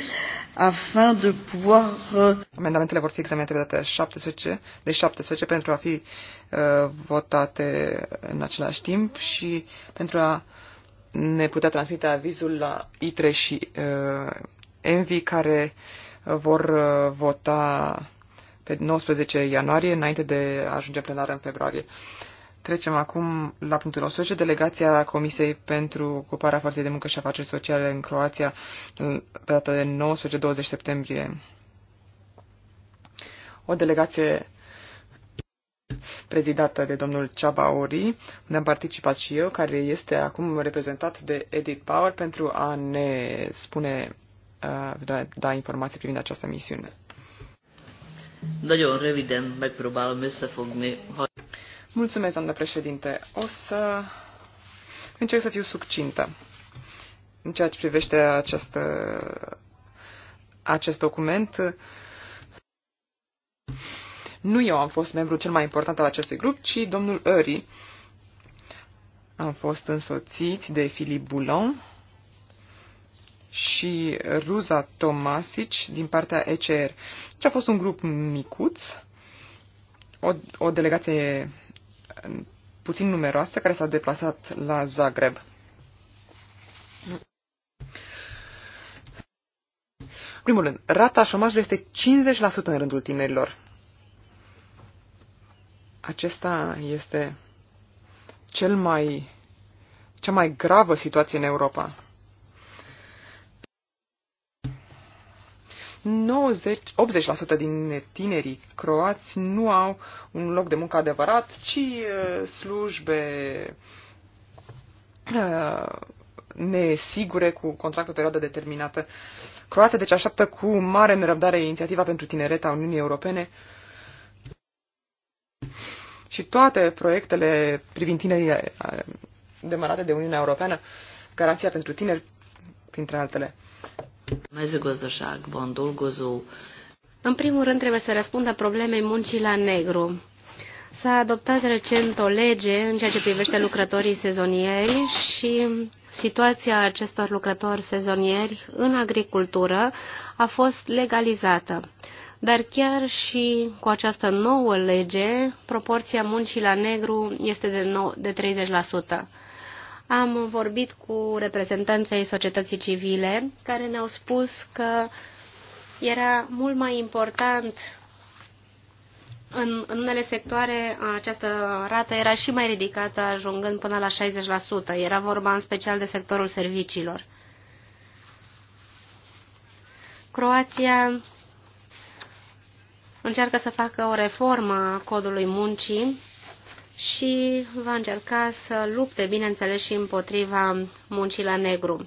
afin de pouvoir... Euh, Amendamentele vor fi examinate de data 17, de 17 pentru a fi uh, votate în același timp și pentru a ne putea transmite avizul la ITRE și uh, ENVI care vor uh, vota pe 19 ianuarie, înainte de a ajunge plenară în februarie. Uh, Trecem acum la punctul 11. Delegația Comisiei pentru Ocuparea Forței de Muncă și Afaceri Sociale în Croația pe data de 19-20 septembrie. O delegație prezidată de domnul Ceaba Ori, unde am participat și eu, care este acum reprezentat de Edith Power pentru a ne spune, uh, da, da informații privind această misiune. Da, Nagyon röviden megpróbálom összefogni. Mulțumesc, doamnă președinte. O să încerc să fiu succintă în ceea ce privește acest acest document. Nu eu am fost membru cel mai important al acestui grup, ci domnul Öri. Am fost însoțiți de Filip Boulon și Ruza Tomasic din partea ECR. Deci a fost un grup micuț, o, o delegație puțin numeroasă care s-a deplasat la Zagreb. primul rând, rata șomajului este 50% în rândul tinerilor. Acesta este cel mai, cea mai gravă situație în Europa. 90, 80% din tinerii croați nu au un loc de muncă adevărat, ci uh, slujbe uh, nesigure cu contract pe perioadă determinată. Croația deci așteaptă cu mare nerăbdare inițiativa pentru tineret a Uniunii Europene și toate proiectele privind tinerii uh, demarate de Uniunea Europeană, garanția pentru tineri, printre altele. În primul rând trebuie să răspundă problemei muncii la negru. S-a adoptat recent o lege în ceea ce privește lucrătorii sezonieri și situația acestor lucrători sezonieri în agricultură a fost legalizată. Dar chiar și cu această nouă lege, proporția muncii la negru este de 30%. Am vorbit cu reprezentanții societății civile care ne-au spus că era mult mai important în, în unele sectoare această rată era și mai ridicată, ajungând până la 60%. Era vorba în special de sectorul serviciilor. Croația încearcă să facă o reformă a codului muncii și va încerca să lupte, bineînțeles, și împotriva muncii la negru.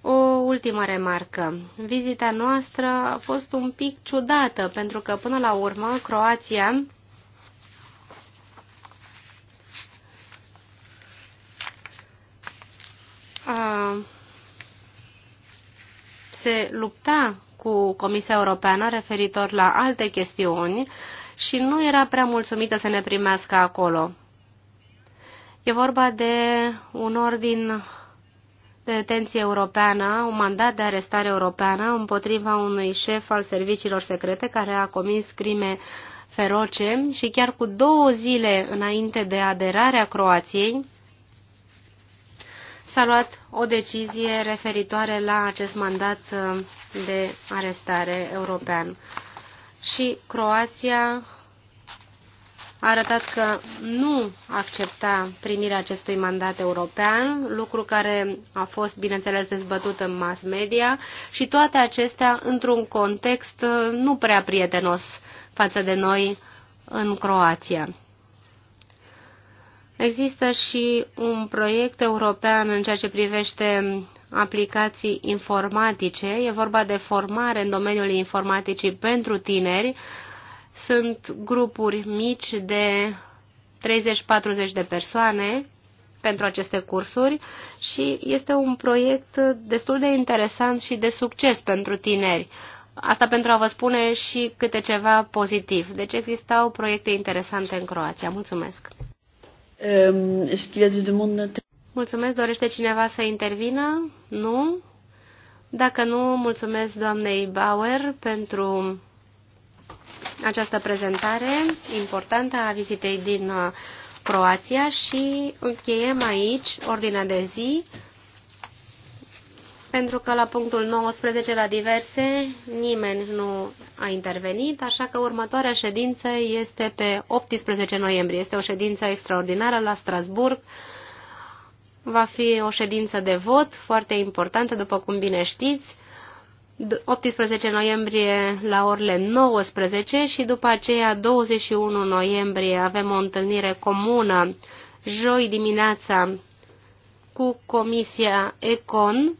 O ultimă remarcă. Vizita noastră a fost un pic ciudată, pentru că, până la urmă, Croația a, se lupta cu Comisia Europeană referitor la alte chestiuni, și nu era prea mulțumită să ne primească acolo. E vorba de un ordin de detenție europeană, un mandat de arestare europeană împotriva unui șef al serviciilor secrete care a comis crime feroce și chiar cu două zile înainte de aderarea Croației s-a luat o decizie referitoare la acest mandat de arestare european și Croația a arătat că nu accepta primirea acestui mandat european, lucru care a fost, bineînțeles, dezbătut în mass media și toate acestea într-un context nu prea prietenos față de noi în Croația. Există și un proiect european în ceea ce privește aplicații informatice. E vorba de formare în domeniul informaticii pentru tineri. Sunt grupuri mici de 30-40 de persoane pentru aceste cursuri și este un proiect destul de interesant și de succes pentru tineri. Asta pentru a vă spune și câte ceva pozitiv. Deci existau proiecte interesante în Croația. Mulțumesc! Mulțumesc. Dorește cineva să intervină? Nu? Dacă nu, mulțumesc doamnei Bauer pentru această prezentare importantă a vizitei din uh, Croația și încheiem aici ordinea de zi pentru că la punctul 19 la diverse nimeni nu a intervenit, așa că următoarea ședință este pe 18 noiembrie. Este o ședință extraordinară la Strasburg. Va fi o ședință de vot foarte importantă, după cum bine știți, 18 noiembrie la orele 19 și după aceea 21 noiembrie avem o întâlnire comună joi dimineața cu Comisia Econ.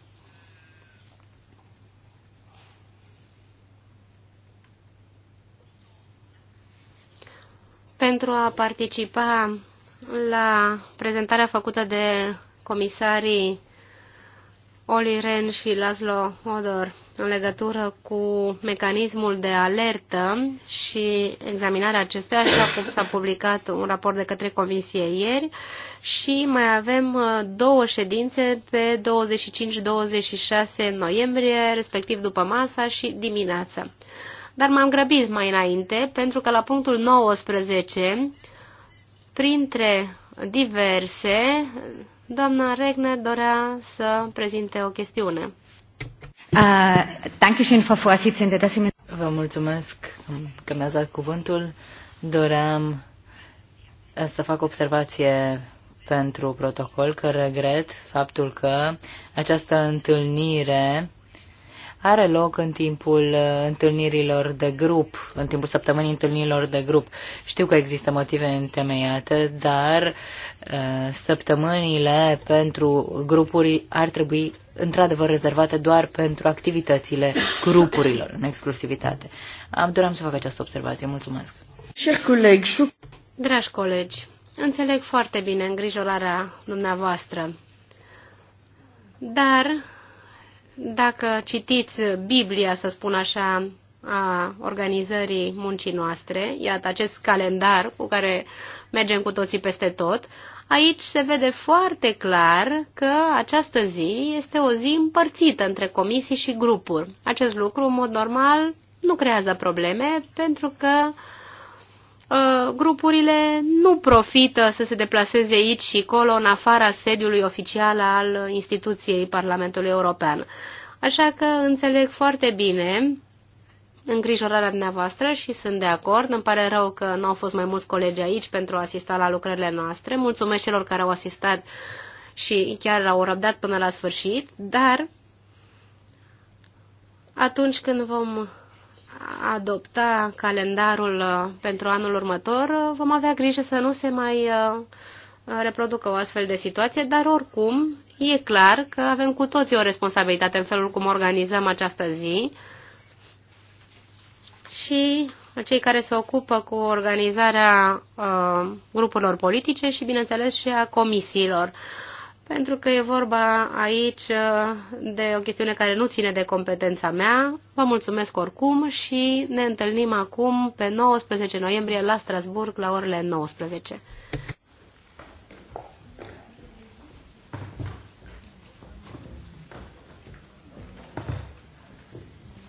pentru a participa la prezentarea făcută de comisarii Oli Ren și Laszlo Odor în legătură cu mecanismul de alertă și examinarea acestuia, așa cum s-a publicat un raport de către comisie ieri. Și mai avem uh, două ședințe pe 25-26 noiembrie, respectiv după masa și dimineața. Dar m-am grăbit mai înainte, pentru că la punctul 19, printre diverse, Doamna Regner dorea să prezinte o chestiune. Uh, Vă mulțumesc că mi-ați dat cuvântul. Doream uh, să fac observație pentru protocol că regret faptul că această întâlnire are loc în timpul uh, întâlnirilor de grup, în timpul săptămânii întâlnirilor de grup. Știu că există motive întemeiate, dar uh, săptămânile pentru grupuri ar trebui într-adevăr rezervate doar pentru activitățile grupurilor în exclusivitate. Am doream să fac această observație. Mulțumesc. Dragi colegi, înțeleg foarte bine îngrijorarea dumneavoastră, dar dacă citiți Biblia, să spun așa, a organizării muncii noastre, iată acest calendar cu care mergem cu toții peste tot, aici se vede foarte clar că această zi este o zi împărțită între comisii și grupuri. Acest lucru, în mod normal, nu creează probleme pentru că Uh, grupurile nu profită să se deplaseze aici și colo, în afara sediului oficial al instituției Parlamentului European. Așa că înțeleg foarte bine îngrijorarea dumneavoastră și sunt de acord. Îmi pare rău că nu au fost mai mulți colegi aici pentru a asista la lucrările noastre. Mulțumesc celor care au asistat și chiar au răbdat până la sfârșit, dar atunci când vom adopta calendarul uh, pentru anul următor, uh, vom avea grijă să nu se mai uh, reproducă o astfel de situație, dar oricum e clar că avem cu toții o responsabilitate în felul cum organizăm această zi și cei care se ocupă cu organizarea uh, grupurilor politice și, bineînțeles, și a comisiilor pentru că e vorba aici uh, de o chestiune care nu ține de competența mea. Vă mulțumesc oricum și ne întâlnim acum pe 19 noiembrie la Strasburg la orele 19.